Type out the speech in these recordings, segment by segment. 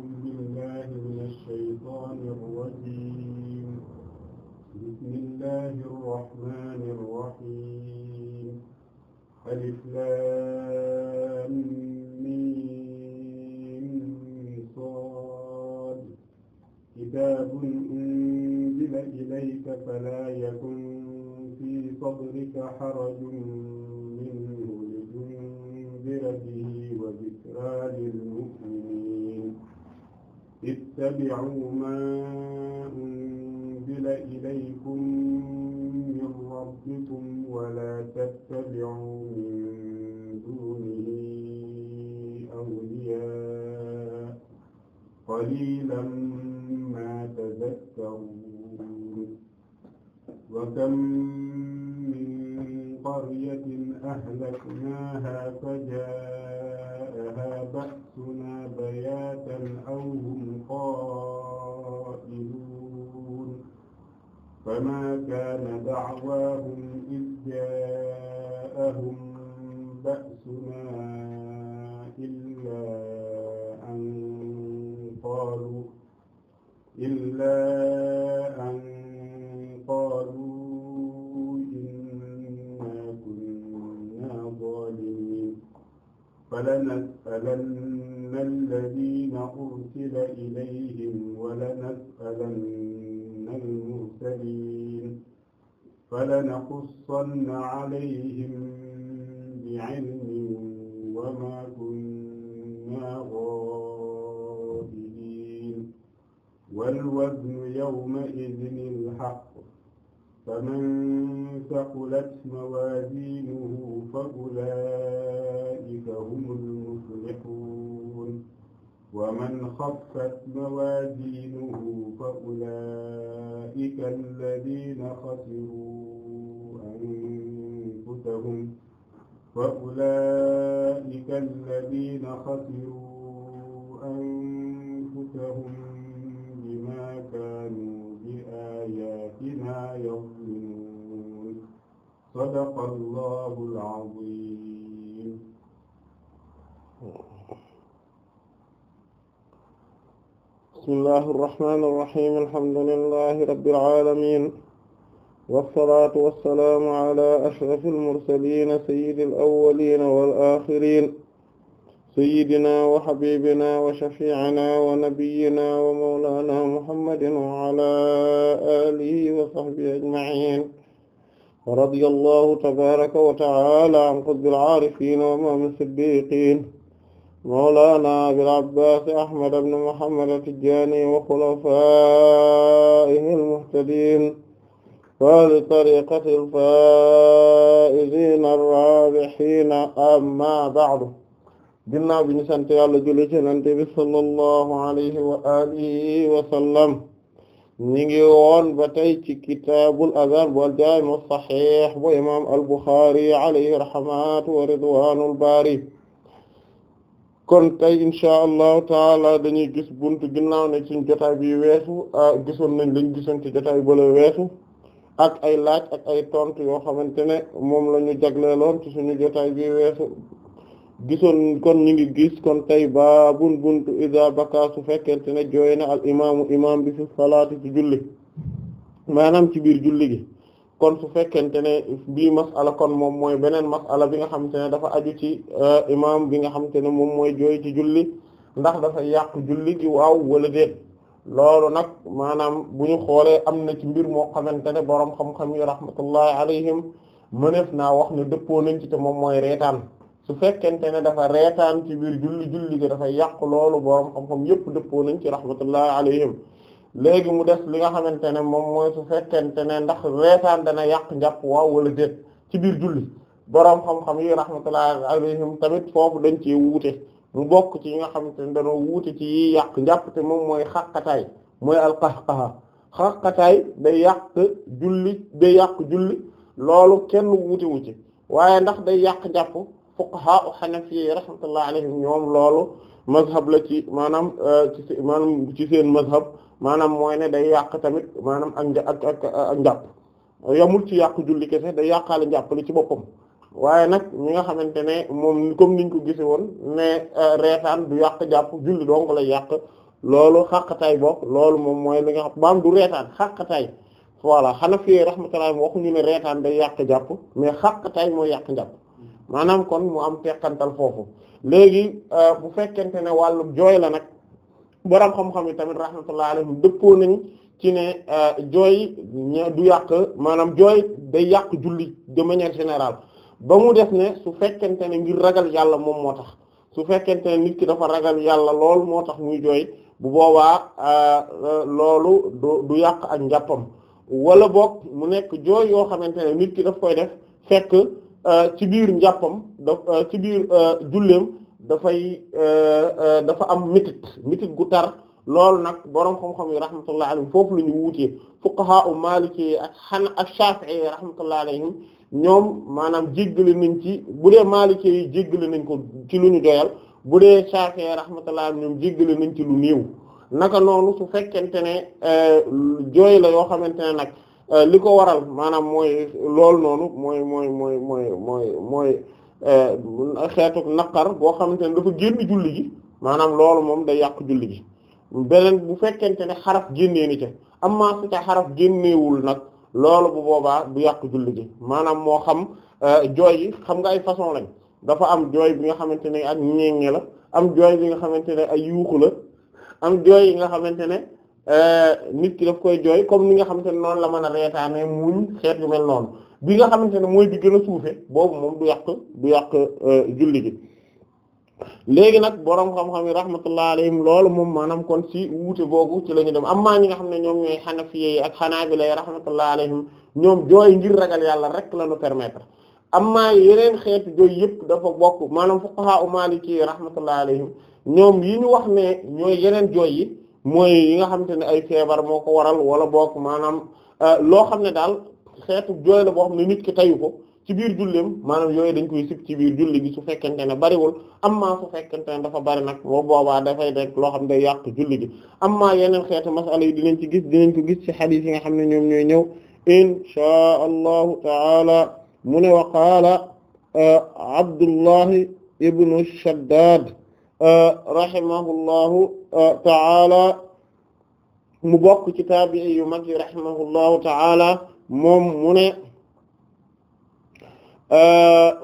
أعوذ بالله من الشيطان الرجيم بسم الله الرحمن الرحيم ألف لام صاد كتاب أنزل إليك فلا يكن في صدرك حرج منه لتنذر به وذكرى للمؤمنين واتبعوا ما أنزل إليكم من ربكم ولا تتبعوا من دونه أولياء قليلا ما تذكرون وكم من قرية أهلكناها فجاءها بأس يأتنا بياتا أو هم قائلون فما كان دعواهم إذ جاءهم بأسنا إلا أن قالوا إلا أن قالوا إنا كنا ظالمين فلنسألن لنسألن الذين أرسل إليهم ولنسألن المرسلين فلنقصن عليهم بعلم وما كنا غائبين والوزن يومئذ الحق فمن ثقلت موازينه فأولئك هم المفلحون ومن خفت موازينه فأولئك الذين خسروا أنفسهم فأولئك الذين خسروا أنفسهم بما كانوا بآياتنا يظلمون صدق الله العظيم bismillahi irrahmani irrahim alhamdulillahi rabbil alamin wassalatu wassalamu ala ashraf almursalin sayyidi alawalin walaxirin sayyidina wa habibina wa shafi'ina wa nabiyyina wa mawlana muhammadin wa ala alihi wa sahbihi ajma'in wa radiyallahu tabaraka wa ta'ala an qutbil arifin wa ma'al siddiqin mawlana abil abbas ahmad ibn muhammad at-tijani wa xulafaihi almuhtadin wa li tariqati alfaizina arrabihina amma ba'du ginnaaw bi ñu sant yàlla julli ci nante bi sallallahu alayhi wa alihi wa sallam ñi ngi woon ba tey ci kitaabul azaan wal jaami as-sahih bu imam al-Bukhari alayhi rahmatu wa ridwanul baari kon tey insha allahu taala dañuy gis buntu ginnaaw ne suñ jotaay bi weesu gisoon nañ lañ gisoon ci jotaay bala weesu ak ay laaj ak ay tontu yoo xamante ne moom la ñu jagleeloon ci suñu jotaay bi weesu gisoon kon ñu ngi gis kon tey baabun buntu iza baka su fekkente ne jooy al imaamu imaam bi fi salaati ci julli maanaam ci biir julli gi kon su fekkente ne bii masala kon moom mooy beneen masala bi nga xamante ne dafa aju ci euh, imam bi nga xamante ne moom mooy jooy ci julli ndax dafa yàq julli gi waaw wala déet loolu nag maanaam bu ñu xoolee am na ci mbir moo xamante ne boroom xam-xam yi rahmatullahi alayhim mëneef naa wax ne dëppoo nañ ci te moom mooy reetaan su fekkente ne dafa reetaan ci biir julli julli gi dafa yàq loolu boroom xam-xam yépp dëppoo nañ ci rahmatullahi alayhim léegi mu des li nga xamante ne moom mooy su fekkente ne ndax reetaan dana yàq njàpp waaw wala déet ci biir julli boroom xam-xam yi rahmatullah alayhim tamit foofu dañ ci wuute mu ci yi nga xamante ne danoo wuute ci yàq njàpp te moom mooy xaqataay mooy alqahqaha xaqataay day yàq julli da yàq julli loolu kenn wuute wu ci waaye ndax day yàq njàpp fuqaha u xanafi yi rahmatullah alayhim ñoom loolu mazhab la ci maanaam euh, ci seen maanaam ci seen mazhab maanaam mooy ne day yàq tamit maanaam ak ak ak njàpp yamul ci yàq julli kese day yàqaale njàpp li ci boppam waaye nag ñi nga xamante ne moom comme niñ ko gise woon ne euh, reetaan du yàq jàpp julli donc lay yàq loolu xàqataay bokk loolu moom mooy li nga xam baam du reetaan xàqataay voilà Hanafi rahmatullah waxuñu ne reetaan day yàq jàpp mais xàqataay mooy yàq njàpp maanaam kon mu am teqantal foofu léegi euh, bu fekkente ne wàllu jooy la nag borom xam-xam yi tamit rahmatullahi alayhim dëppoo nañ ci ne euh, jooy du yàq maanaam jooy day yàq julli de général ba mu def ne su fekkente ne ngir ragal yàlla moom moo tax su fekkente ne nit ki dafa ragal yàlla lool moo tax muy jooy bu boobaa euh, loolu du du yàq ak njàppam wala boog mu nekk jooy yoo xamante ne nit ki daf koy def fekk Euh, ci biir njàppam da euh, ci biir euh, julleem dafay dafa am mitit mitit gu tar loolu nag boroom xam-xam yi rahmatullah alayhim foofu la ñu wuutee fuqaha u maliki ak xan ak shafi'i rahmatullah alayhim ñoom maanaam jéggale nañ ci bu dee maliki jégg jéggale nañ ko ci lu ñu doyal bu dee shafi'i rahmatullah ñoom jéggale nañ ci lu néew naka noonu su fekkente ne jooy la yoo xamante ne nag Euh, li ko waral maanaam mooy loolu noonu mooy mooy mooy mooy mooy mooy euh, xeetu naqar boo xamante ne dafa génn julli gi maanaam loolu moom day yàq julli gi beneen bu fekkente ne xaraf génnee ni ca amma su ca xaraf génnewul nag loolu bu boobaa bu yàq julli gi maanaam moo xam euh, jooy yi xam nga ay façon lañ dafa am jooy bi nga xamante ne ak ñeññe la am jooy bi nga xamante ne ay yuuxu la am jooy yi nga xamante ne Euh, nit ki daf koy jooy comme ni nga xamante ne noonu la mën a reetaane muñ xeet yu mel noonu bi nga xamante ne mooy bi gën a suufe boobu moom du yàq du yàq euh, julli gi léegi nag boroom xam-xam yi rahmatullah alayhim loolu moom maanaam kon ci wuute googu ci la ñu dem amma ñi nga xam ne ñoom ñooy xanafiye yi ak xanaabila yi rahmatullah ñoom jooy ngir ragal yàlla rek la ñu permettre amma yeneen xeetu jooy yëpp dafa bokk maanaam fuqaha u maliki yi rahmatullah alayhim ñoom yi ñu wax ne ñooy yeneen jooy yi mooy yi nga xamante ne ay feebar moo ko waral wala bokk maanaam euh, loo xam ne daal xeetu jooy la boo xam ne nit ki tayu ko ci biir julleem maanaam yooyu dañ koy sib ci biir julli gi su fekkente ne bariwul amma su fekkente ne dafa bari nag boo boobaa dafay rek loo xam ne day yàq julli gi amma yeneen xeetu masala yi dinañ ci gis dinañ ko gis ci xadiis yi nga xam ne ñoom ñooy ñëw inchaa allahu taala mu ne wa qaala euh, abdullahi ibnu shaddad rahimahullahu uh, ta'ala mu bokk ci taabii yu mag yi rahimahullahu ta'ala moom mu ne uh,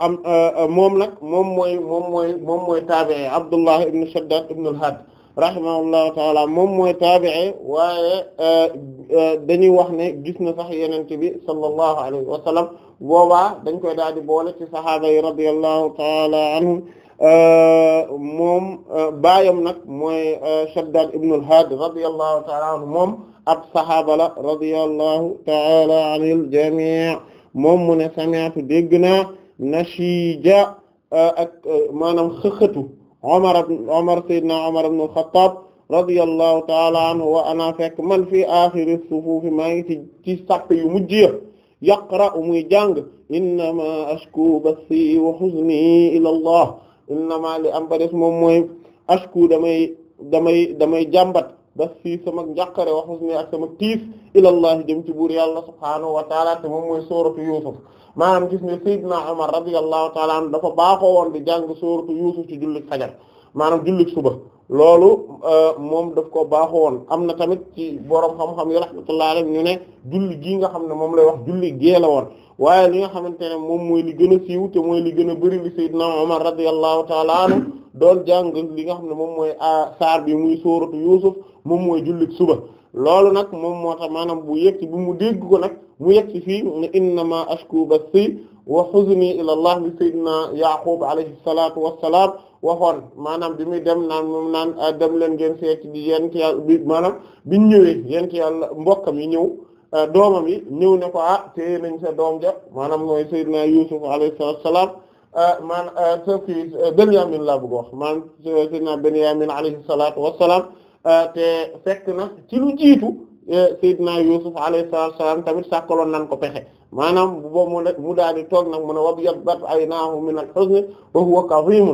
am uh, moom nag moom mooy moom mooy moom mooy taabii Abdullah ibn Shaddad ibn al-Had rahimahullahu taala moom mooy taabi'i waaye euh, euh, dañuy wax ne gis na sax yenente bi sallallahu alayhi wa sallam boobaa dañ koy daal di boole ci sahaaba yi radiyallahu taala anhum euh, moom baayam nag mooy Shaddad ibn al-Hadi radiyallahu taala anhu moom ab sahaaba la radiyallahu taala anil jami' moom mu ne sami'tu dégg naa nashija ak maanaam xëxëtu Omar Omar Seydina Omar ibn al-Khattab radiyallahu taala anhu wa ana fekk man fii axiri sufuufi maa ngi ci ci sàpp yu mujj ya yaqra'u muy jàng innama ashku bathi wa huzni ila Allah innama li am ba des moom mooy ashku damay damay damay jàmbat bas fii sama njàqare wax husni ak sama tiis ilallahi jëm ci buur yàlla subhaanahu wa taala te moom mooy sooratu Yuusuf maanaam gis ne Seydina Umar radiyallahu taala anhu dafa baaxoo woon di jàng sooratu Yuusuf ci jullit fajar maanaam jullit suba loolu euh, moom def ko baaxoo woon am na tamit ci borom xam-xam yi rahmatullahi alayhi ñu ne julli gii nga xam ne moom lay wax julli gee la woon waaye li nga xamante ne moom mooy li gën a siiw te mooy li gën a bëri li sayyidna Umar radiyallahu ta'ala anhu dool jàng li nga xam ne moom mooy euh, saar bi muy sóoratu Yuusuf moom mooy jullit suba loolu nag moom moo tax maanaam bu yegg ci bu mu dégg ko nag mu yegg ci fii ne innama ashku bassi wa huzni ila Allah bi sayyidina Yaqub alayhi salatu wassalam waxoon maanaam bi muy dem naan moom naan ah, dem leen ngeen seet bi yent yàlla bi maanaam biñ ñëwee yent yàlla mbokkam yi ñëw ah, doomam yi ñëw ne ko ah téye nañ sa doom ja maanaam mooy Seydina Yusuf alayhi salaam ah, man sa fi Benyamin laa bëgg wax man Seydina Benyamin alayhi salaatu wassalaam te fekk na ci lu jiitu eh, Seydina Yusuf alayhi salaam tamit sàkkaloon nan ko pexe maanaam bu boobu mu daal di toog nag mu ne wabyaddat aynaahu min al-huzni wa huwa kadhiim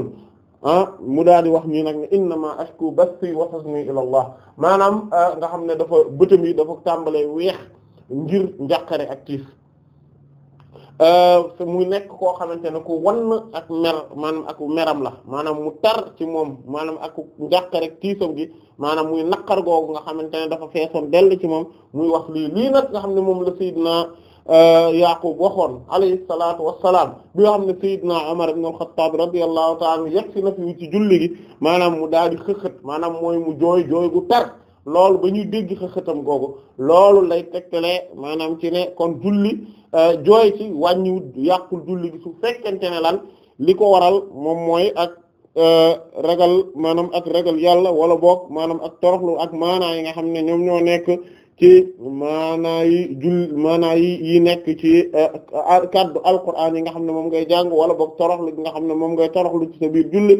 Ah, mu daal di wax ñu nag ne innama ashku basti wa huzni ila Allah maanaam ah, nga xam ne dafa bëtam yi dafa tàmbalee weex ngir njàqare ak tiis ah, muy nekk koo xamante ne ku wann ak mer maanaam ak meram la maanaam mu tar ci moom maanaam ak njàqare ak tiisam gi maanaam muy naqar googu nga xamante ne dafa feesoon dell ci moom muy wax lii lii nag nga xam ne moom la sayyidina Euh, Yaqub waxoon alayhi salaatu wassalaam bi nga xam ne Seydina Omar ibn al-Khattab radiyallahu ta'ala yegg si na fi ci julli gi maanaam mu daal di xëxët maanaam mooy mu jooy jooy gu tar loolu ba ñuy dégg xëxëtam googu loolu lay tegtalee maanaam ci ne kon julli euh, jooy ci wàññiwut yàqul julli gi su fekkente ne lan li ko waral moom mooy ak euh, ragal maanaam ak ragal yàlla wala boog maanaam ak toroxlu ak maanaa yi nga xam ne ñoom ñoo nekk. ci maanaa yi yi yi nekk ci eh, eh, kaddu alquran yi nga xam ne moom ngay jàng wala boog toroxlu bi nga xam ne moom ngay toroxlu ci sa biir julli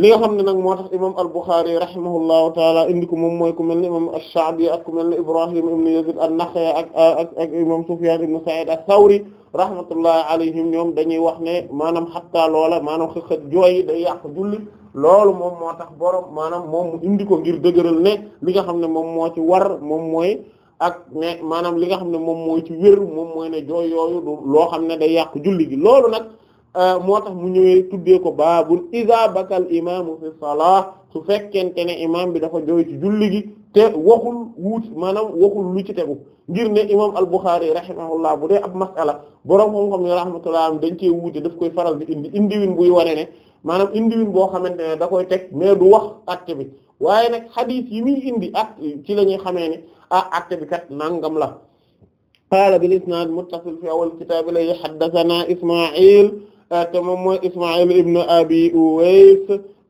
li nga xam ne nag moo tax imam al-Bukhari rahimahullahu taala indi ko moom mooy ku mel ne imam ash ak ku mel ne Ibrahim ibn Yazid an-Nakha'i ak ak ak imam Sufyan ibn Sa'id ath-Thawri rahmatullahi alayhim ñoom dañuy wax ne maanaam xatta loola maanaam xëxët jooyi day yàq julli loolu moom moo tax borom maanaam moom mu indi ko ngir dëgëral ne li nga xam ne moom moo ci war moom mooy ak ne maanaam li nga xam ne moom mooy ci wér moom mooy ne jooy yooyu loo xam ne day yàq julli gi loolu nag euh, moo tax mu ñëwee tuddee ko baabul iza bakal imaamu fi salah su fekkente ne imaam bi dafa jooy ci julli gi te waxul wut maanaam waxul lu ci tegu ngir ne imaam al-Bukhari rahimahullah bu dee ab masala borom xam-xam ne rahmatullah dañ cee wuute daf koy faral di indi indiwin buy wane maanaam indiwin boo xamante ne da koy teg mais du wax acte bi waaye nag xadiis yi indi ak ci la ñuy xamee ne ah acte kat nangam la qaala bil isnaad muttasil fi awal kitaab lay haddathana Isma'il ah, te moom mooy Isma'il ibn Abi Uways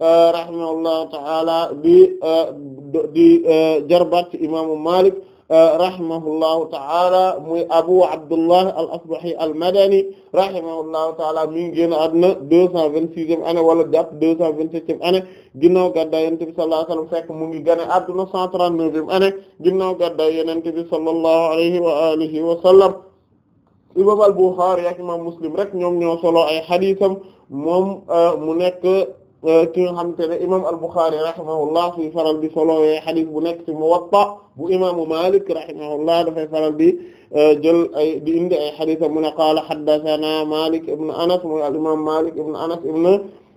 ah, rahimahullahu ta'ala di ah, di jarbat imaamu Malik rahimahullahu ta'ala muy Abu Abdullah al-Asbahi al-Madani rahimahullahu ta'ala mi ngi génn àdduna deux cent vingt-sixième année wala jàpp deux cent vingt-septième année ginnaaw gàddaay Yonent bi sallallahu alayhi wa sallam fekk mu ngi génn àdduna cent trente-neuvième année ginnaaw gàddaay Yonent bi sallallahu alayhi wa alihi wa sallam imam al-Bukhari ak imam Muslim rek ñoom ñoo solo ay xadiisam moom euh, mu nekk ki nga xamante ne imam al-Bukhari rahimahullah fi faral di solowee xadis bu nekk ci Muwatta bu imaamu Malik rahimahullah dafay faral di euh, jël ay di indi ay xadisam mu ne qaala haddathana Malik ibn Anas mooy al imam Malik ibn Anas ibn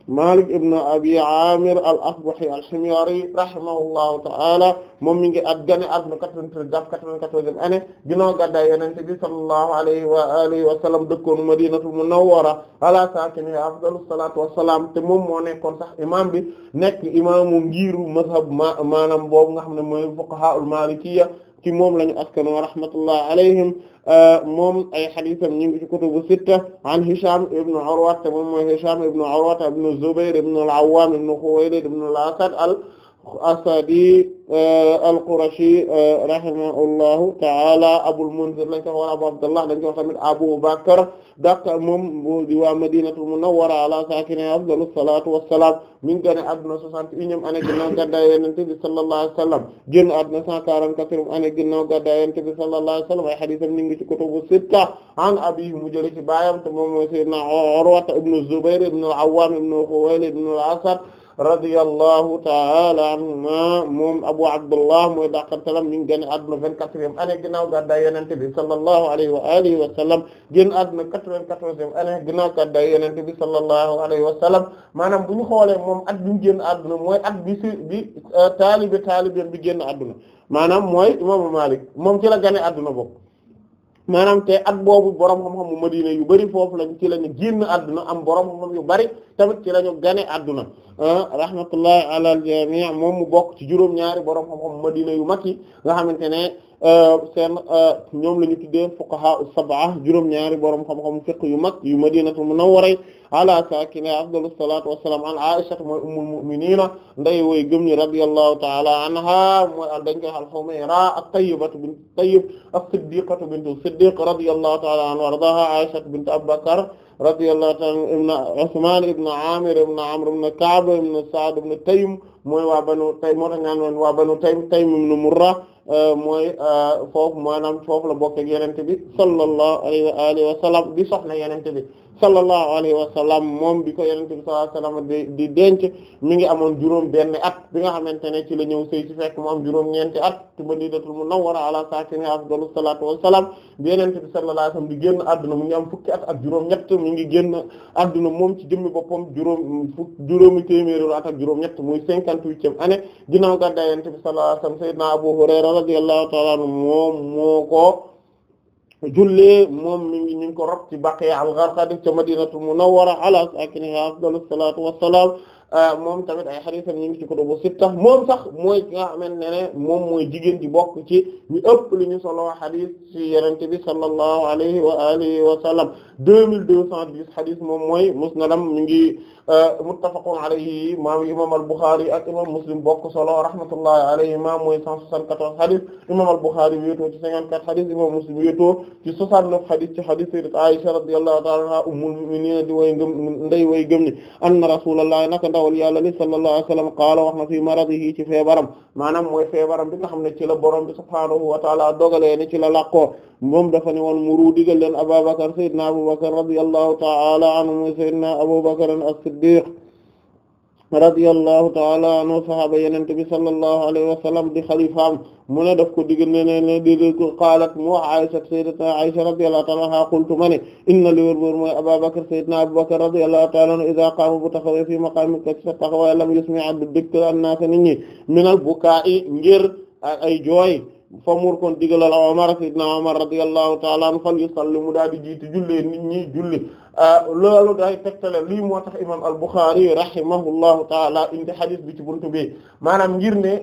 Malik ibn Abi Amir al-Asbahi al-Himyari rahimahullahu ta'ala moom mi ngi at gane àdduna 93 jàpp 94e année ginnaaw gàddaay Yonent bi sallallahu alayhi wa alihi wa sallam dëkkoon Madinatul Munawwara ala saakinihaa afdalu salaatu wa salaam te moom moo nekkoon sax imaam bi nekk imaamu ngiiru mazhab maanaam boobu nga xam ne mooy fuqahaa'ul Maalikiyya ci moom lañu askano rahmatullah alayhim moom ay xadiisam ñu ngi ci kutubu sitta an Hisham ibn Urwa moom mooy Hisham ibn Urwa ibn Zubayr ibn al-Awwam ibn Khuwaylid ibn al-Asad al asadi euh, al-Qurashi euh, rahimahullahu ta'ala Abul Munzir lañ ko wax Abu Abdullah dañ ko wax tamit Abu Bakr dàqa moom di waa Madinatul Munawwara ala saakinihaa afdalu salaatu wa salaam mi ngi génn àdduna 61 année ginnaaw gàddaay Yonent bi sallallahu alayhi wa sallam génn àdduna 144 année ginnaaw gàddaay Yonent bi sallallahu alayhi wa sallam ay hadiisam ñu ngi ci kutubu sitta an abiihi mu jëlee ci baayam te moom mooy Sayyidina Urwa ibn Zubayr ibn al-Awwaam ibn Khuwaylid ibn al-Asad radiyallahu ta'ala anhuma moom Abu Abdullah mooy daqartalam ñu ngi génn àdduna vingt-quatrième année ginnaaw gàddaay Yonent bi sallallahu alayhi wa alihi wa sallam génn àdduna quatre-vingt-quatorzième année ginnaaw gàddaay Yonent bi sallallahu alayhi wa sallam maanaam bu ñu xoolee moom at bi mu génn àdduna mooy at bi si bi taalibe euh, taalibe bi génn àdduna maanaam mooy imaamu Maalik moom ci la génn àdduna bokk maanaam te at boobu borom xam-xam mu Madina yu bari foofu lañ ci lañu génn àdduna am borom xam-xam yu bari tamit ci lañu gane àdduna ah, rahmatullahi ala al-jami' moom mu bokk ci juróom-ñaari borom xam-xam mu Madina yu mag yi nga xamante ne ah, seen ah, ñoom la ñu tuddee fuqaha as-sab'a juróom-ñaari borom xam-xam fiqh yu mag yu Madinatu Munawwara ala saakina afdalu salaatu wassalaam an Aisha mooy ummul mu'miniina nday woy gëm ñi radiyallahu ta'ala anha mooy dañ koy al Humayra at-tayyibatu bint tayyib as-siddiqatu bint siddiq radiyallahu ta'ala anha wa ardaaha Aisha bint Abi Bakr radiyallahu ta'ala ibn Usman ibn Amir ibn Amr ibn Ka'b ibn Sa'd ibn Taym mooy waa banu tay moo tax ñaan woon waa banu tay tay mun nu murra euh, mooy euh, foofu maanaam foofu la bokk ak yenente bi sallallahu alayhi wa alihi wa sallam di soxna yenente bi sallallahu alayhi wa sallam moom bi ko yenente bi sallallahu alayhi wa sallam di denc mi ngi amoon juróom benn at bi nga xamante ne ci la ñëw sëy ci fekk mu am juróom ñeenti at ba ci Madinatul Munawwara ala saakini afdalu salaatu wassalaam bi yenente bi sallallahu alayhi wa sallam di génn adduna mu ngi am fukki at ak juróom ñett mi ngi génn adduna moom ci jëmmi boppam juróom fukk juróomi téeméeri ak juróom ñett muy cinquante-huitième année ginnaaw gàddaay Yonent bi sallallahu alayhi wasallam sayyidina Abu Hurayra radiyallahu ta'ala anhu moo ko jullee moom mi ñu ko rob ci Baqi al-Gharqad ca Madinatul Munawwara ala sakiniha afdalu salaatu wassalaam euh, moom tamit ay xadiisam ñu ngi ci kutubu sitta moom sax mooy ki nga xamante ne moom mooy jigéen di bokk ci li ñu solo xadiis ci Yonent bi sallallahu alayhi wa alihi wa sallam deux mille deux cent dix xadiis moom mooy musnadam mi Euh, muttafaqun alayhi maam imam al-Bukhari ak imam Muslim bokk solo rahmatullahi alayhima mooy 174 xadis imam al-Bukhari wéetoo ci 54 xadis imam Muslim wéetoo ci 69 xadis ci xadis sayyidat Aisha radiyallahu ta'ala anha ummul mu'minin di way ngëm nday way gëm ni anna rasulullah naka ndawal yàlla li sallallahu alayhi wa sallam qaala wax na fi maradihi ci feebaram maanaam mooy feebaram bi nga xam ne ci la borom bi subhaanahu wa ta'ala dogalee ne ci la làqoo moom dafa ne woon muru digal leen Abubakar sayyidina Abubakar radiyallahu ta'ala anhu sayyidina Abubakar as-Siddiq radiyallahu taala anhu sahaaba yenente bi sallallahu alayhi wa sallam di xalifaam mu ne daf ko diggal ne ne didi ko qaalat mu Aisha sayyidatuna Aisha radiyallahu taala anha qultu ma ne inna li wër boor mooy Abu Bakr sayyidina Abu Bakr radiyallahu taala anhu idha qaama bu taxawee fii maqaami ko ci sa taxawaay lam yusmi' du dégtal an-naas nit ñi minal bukaa'i ngir ay jooy famur kon digalal Umar sayyidina Umar radiyallahu ta'ala anhu fal yusalli mu daal di jiiti jullee nit ñi julli ah, loolu day tegtale lii moo tax imam al-Bukhari rahimahullahu ta'ala indi xadis bi ci buntu bi maanaam ngir ne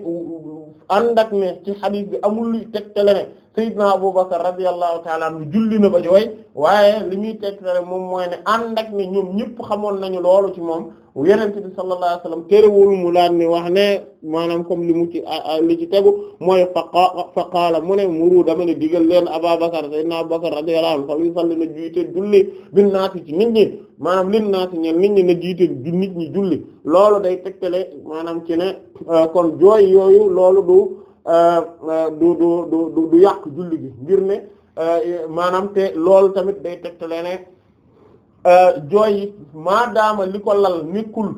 ànd ak ne ci xadis bi amul luy tegtale ne Seydina Abubakar radiyallahu taala anhu julli na ba jooy waaye li muy tegtale moom mooy ne ànd ak ne ñoom ñëpp xamoon nañu loolu ci moom yenente bi sallallahu alayhi wasallam terewul mu laan ni wax ne maanaam comme li mu ci li ci tegu mooy faqa fa qaala mu ne muru dama ne digal leen Abubakar Seydina Abubakar radiyallahu anhu fal yusalli na jiite julli bin naati ci nit ñi maanaam lin naati ñen nit ñi na jiite julli loolu day tegtale maanaam ci ne kon jooy yooyu loolu du Euh, euh, du du du du yàq julli gi ngir ne euh, maanaam te loolu tamit day tegtale ne jooy yi maadaama li ko lal nekkul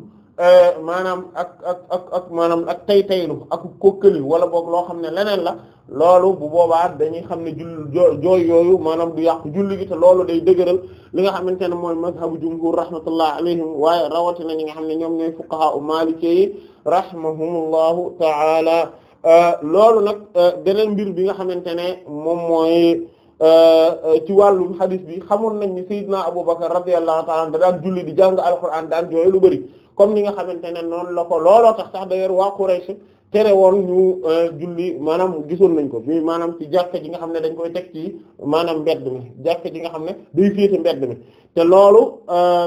maanaam ak ak ak ak maanaam ak tay taylu ak kokkali wala boog loo xam ne leneen la loolu bu boobaa dañuy xam ne jull jooy maanaam du yàq julli gi loolu day dëgëral li nga xamante ne mooy mazhabu jumhur rahmatullah alayhim waaye rawatina ñi nga xam ne ñoom ñooy fuqaha u maliki yi rahimahumullahu ta'ala Euh, loolu nag euh, beneen mbir bi nga xamante ne moom mooy euh, ci wàllum hadith bi xamoon nañ ni Seydina Abubakar radiyallahu ta'ala da daan julli di jàng alquran daan jooy lu bari comme ni nga xamante ne noonu la ko looloo tax sax d'ailleurs waa Quraysh tere woon ñu julli maanaam gisoon nañ ko bi maanaam ci jàkka ji nga xam ne dañ koy teg ci maanaam mbedd mi jàkka ji nga xam ne day féete mbedd mi te loolu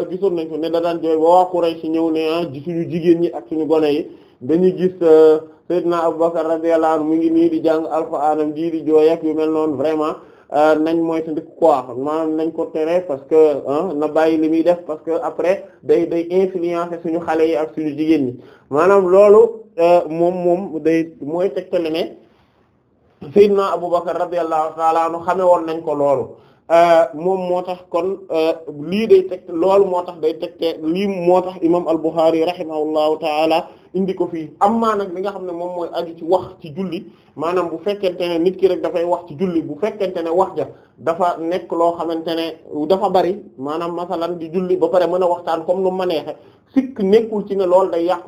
gisoon nañ ko ne da daan jooy ba waa ñëw ne ah, suñu jigéen ñi ak suñu gone yi dañuy gis. Seydina Abubakar radiyallahu anhu mu ngi nii di jàng alxuraanam ji di jooy ak yu mel noonu vraiment euh, nañ moytandiku quoi maanaam nañ ko tere parce que na bàyyi li muy def parce que après day day influencer suñu xale yi ak suñu jigéen ñi maanaam loolu euh, moom moom day mooy tegtale ne Seydina Abubakar radiyallahu ta'ala anhu xame woon nañ ko loolu euh, moom moo tax kon lii day teg loolu moo tax day tegte lii moo tax imam al-Bukhari rahimahullahu ta'ala indi ko fii amma nag li nga xam ne moom mooy aju ci wax ci julli maanaam bu fekkente ne nit ki rek dafay wax ci julli bu fekkente ne wax ja dafa nekk loo xamante ne dafa bari maanaam masalan di julli ba pare mën a waxtaan comme nu ma neexe sikk ci ne loolu day yàq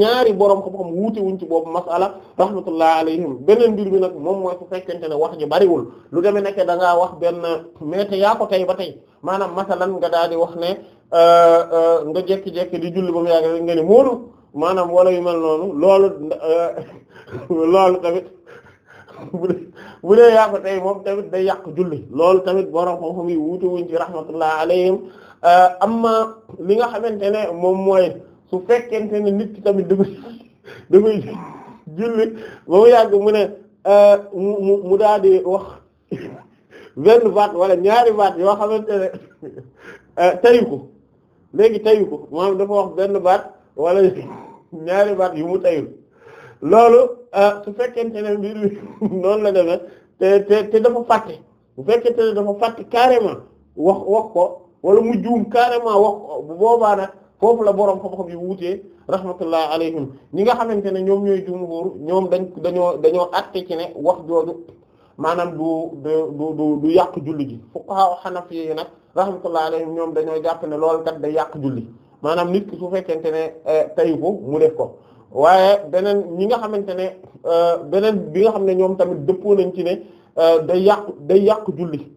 ñaari borom xam-xam wuute ci boobu masala rahmatullah alayhim beneen mbir nag moom mooy su fekkente ne wax ji bariwul lu demee nekk da wax benn mais te yaa tey ba tey maanaam masalan nga daal wax ne euh, euh, nga jekki di julli ba mu yàgg nga ne moolu maanaam wala yu mel noonu loolu euh, loolu tamit bu dee yaa ko moom tamit day yàq julli loolu tamit borom xam-xam yi wuute wuñ ci rahmatullah alayhim euh, amma li nga xamante ne moom mooy su fekkente ne nit ki tamit dafay dafay julli ba mu yàgg mu ne euh, mu mu mu daal di wax benn baat wala ñaari baat yoo xamante ne tayu ko léegi tayu ko moom dafa wax benn baat. wala ñaari baat yu mu tayul loolu ah, su fekkente ne mbir mi noonu la demee te te te dafa bu fekkente ne dafa fàtte carrément wax wax ko wala mu juum carrément wax ko bu boobaa nag foofu la boroom xam-xam yi wuutee rahmatullah alayhim ñi nga xamante ne ñoom ñooy jumhuur ñoom dañ dañoo dañoo atte ne wax jooju maanaam du du du yàq julli gi fuqaha xanafi yi nag rahmatullah alayhim ñoom dañoo jàpp ne loolu kat day yàq julli maanaam nit ki su fekkente ne eh, tayu ko mu def ko waaye beneen ñi nga xamante ne eh, beneen bi nga xam ne ñoom tamit dëppoo nañ ci ne eh, day yàq day yàq julli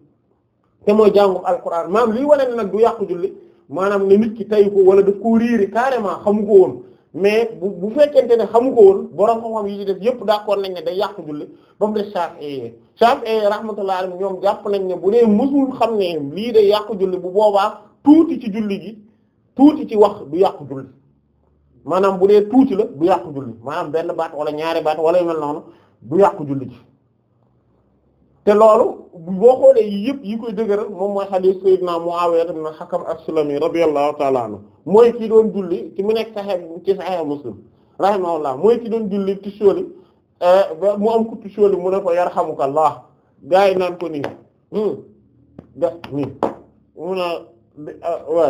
te mooy jàngu alquran maanaam lii wane ne nag du yàq julli maanaam ne nit ki tayu ko wala daf ko riiri carrément xamu ko woon mais bu bu fekkente ne xamu ko woon borom xam yi ci def yëpp d'accord nañ ne day yàq julli ba mu def Shafi'i Shafi'i rahmatullahi alayhi ñoom jàpp nañ ne bu dee mësul xam ne lii day yàqu julli bu boobaa tuuti ci julli gi tuuti ci wax du yàqu julli maanaam bu dee tuuti la du yàqu julli maanaam benn baat wala ñaari baat wala yu mel noonu du yàqu julli ji te loolu boo xoolee yi yëpp yi koy dëgëral moom mooy hadith sayyidina Muawiya ibn Hakam as-Sulami radiyallahu ta'ala ki mu nekk Sahih ci Sahih Muslim rahimahullah mooy ki doon julli tisóoli eh, mu am ku tisóoli mu ne ko yarhamukallah gaa yi naan ko nii da hmm. nii mu ne ah, wa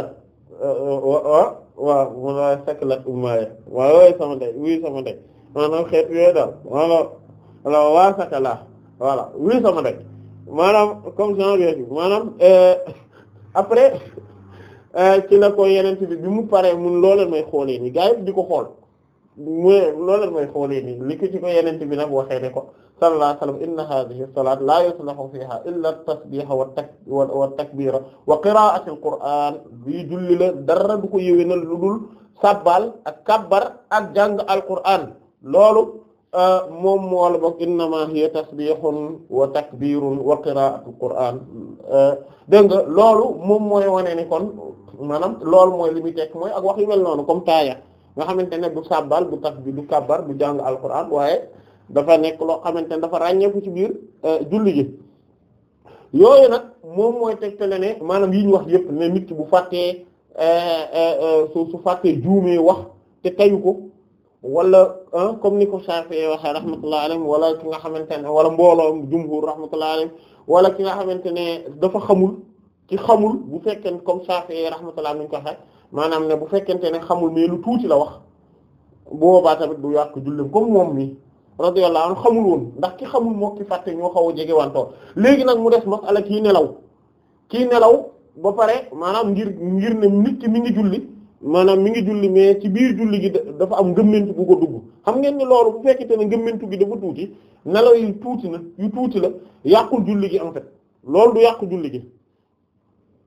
waaw mun a saklat ummaya waaw wooy sama ndey wuy sama ndey maanaam xeet yooyu daal wala wala waa sakala voilà wuy sama ndey maanaam comme genre yooyu maanaam euh, après euh, ci la ko yeneen bi bi mu paree mun looleen may xoolee ni gaa yi di ko xool mu looleen mooy xoolee ni li ko ci ko yeneen bi nag waxee ne ko sallallahu alayhi wa sallam inna hadhihi as-salat la yuslahu fiha illa at-tasbih wa tak wa takbira wa qira'ati al-qur'an bi julli la dara du ko yéwénal lu dul sabbal ak kabbar ak jàng al-qur'an loolu euh, moom moola bokk innama hiya tasbihun wa takbirun wa qira'atu al-qur'an euh, dégg loolu moom mooy wane ni kon maanaam loolu mooy li muy tekk mooy ak wax yu mel noonu comme taaya nga xamante ne du sabbal du kabbar du jàng al-qur'an waaye dafa nekk loo xamante ne dafa ràññeeku ci biir euh, julli gi yooyu nag moom mooy tegtale ne maanaam yi ñu wax yépp ne nit ki bu fàttee euh, euh, su su fàttee juumee wax te tayu ko wala comme ni ko Shafi'i waxee rahmatullahi alayhi wala ki nga xamante ne wala mbooloo jumhur rahmatullahi alayhi wala ki nga xamante ne dafa xamul ci xamul bu fekkee comme Shafi'i rahmatullahi alayhi ñu ko waxee maanaam ne bu fekkente ne xamul mais lu tuuti la wax boobaa tamit du yàq jullim comme moom mi radiyallahu anhu xamul woon ndax ki xamul moo ki fàtte ñoo xaw a jege wantoo léegi nag mu des masala kii nelaw kii nelaw ba pare maanaam ngir ngir ne nit ki mi ngi julli maanaam mu ngi julli mais ci biir julli gi dafa am ngëmmentu bu dugg xam ngeen ni loolu bu fekkente ne ngëmmentu gi dafa tuuti nelaw yi tuuti na yu tuuti la yàqul julli gi en fait loolu du yàqu julli gi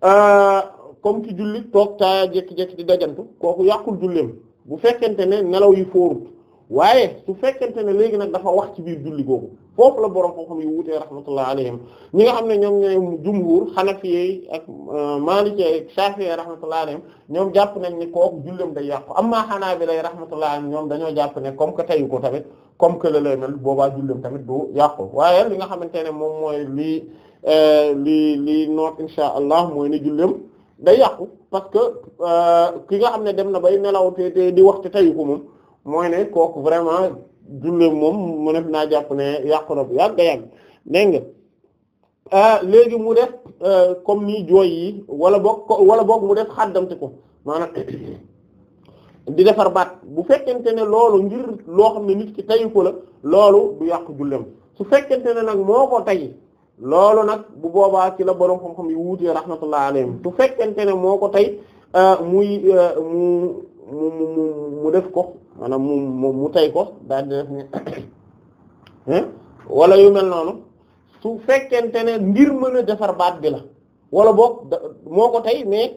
euh, comme ki julli toog taaya jekki-jekki di dajantu kooku yàqul julleem bu fekkente ne nelaw yi fóorut waaye su fekkente ne léegi nag dafa wax ci biir julli googu foofu la borom xam-xam yu wutee rahmatullah alayhim ñi nga xam ne ñoom ñooy jumhur xanafiye ak euh, maliki ak shafi'i rahmatullah alayhim ñoom jàpp nañ ne kooku jullam day yàqu amma xanaabila rahmatullah alayhim ñoom dañoo jàpp ne comme que teyu ko tamit comme que la lay mel boobaa jullam tamit du yàqu waaye li nga xamante ne moom mooy lii euh, lii lii noot insha allah mooy ne jullam day yàqu parce que euh, ki nga xam ne dem na bay nelaw te di wax te teyu ko moom mooy ne kooku vraiment julleem moom mu nekk naa jàpp ne yàqu na bu yàgg yàgg dégg nga ah, léegi mu def euh, comme ni jooy yi wala boog wala boog mu def xàddamti ko maana di defar baat bu fekkente ne loolu ngir loo xam ne nit ki tayu ko la loolu du yàq jullem su fekkente ne nag moo ko tay loolu nag bu boobaa ci la boroom xam-xam yi wuutee rahmatullah alayhim su fekkente ne moo ko tay euh, muy euh, mu mu mu mu mu def ko maanaam mu mu mu tey ko daan di def ni wala yu mel noonu su fekkente ne ngir mën a defar baat bi la wala boog moo ko tey mais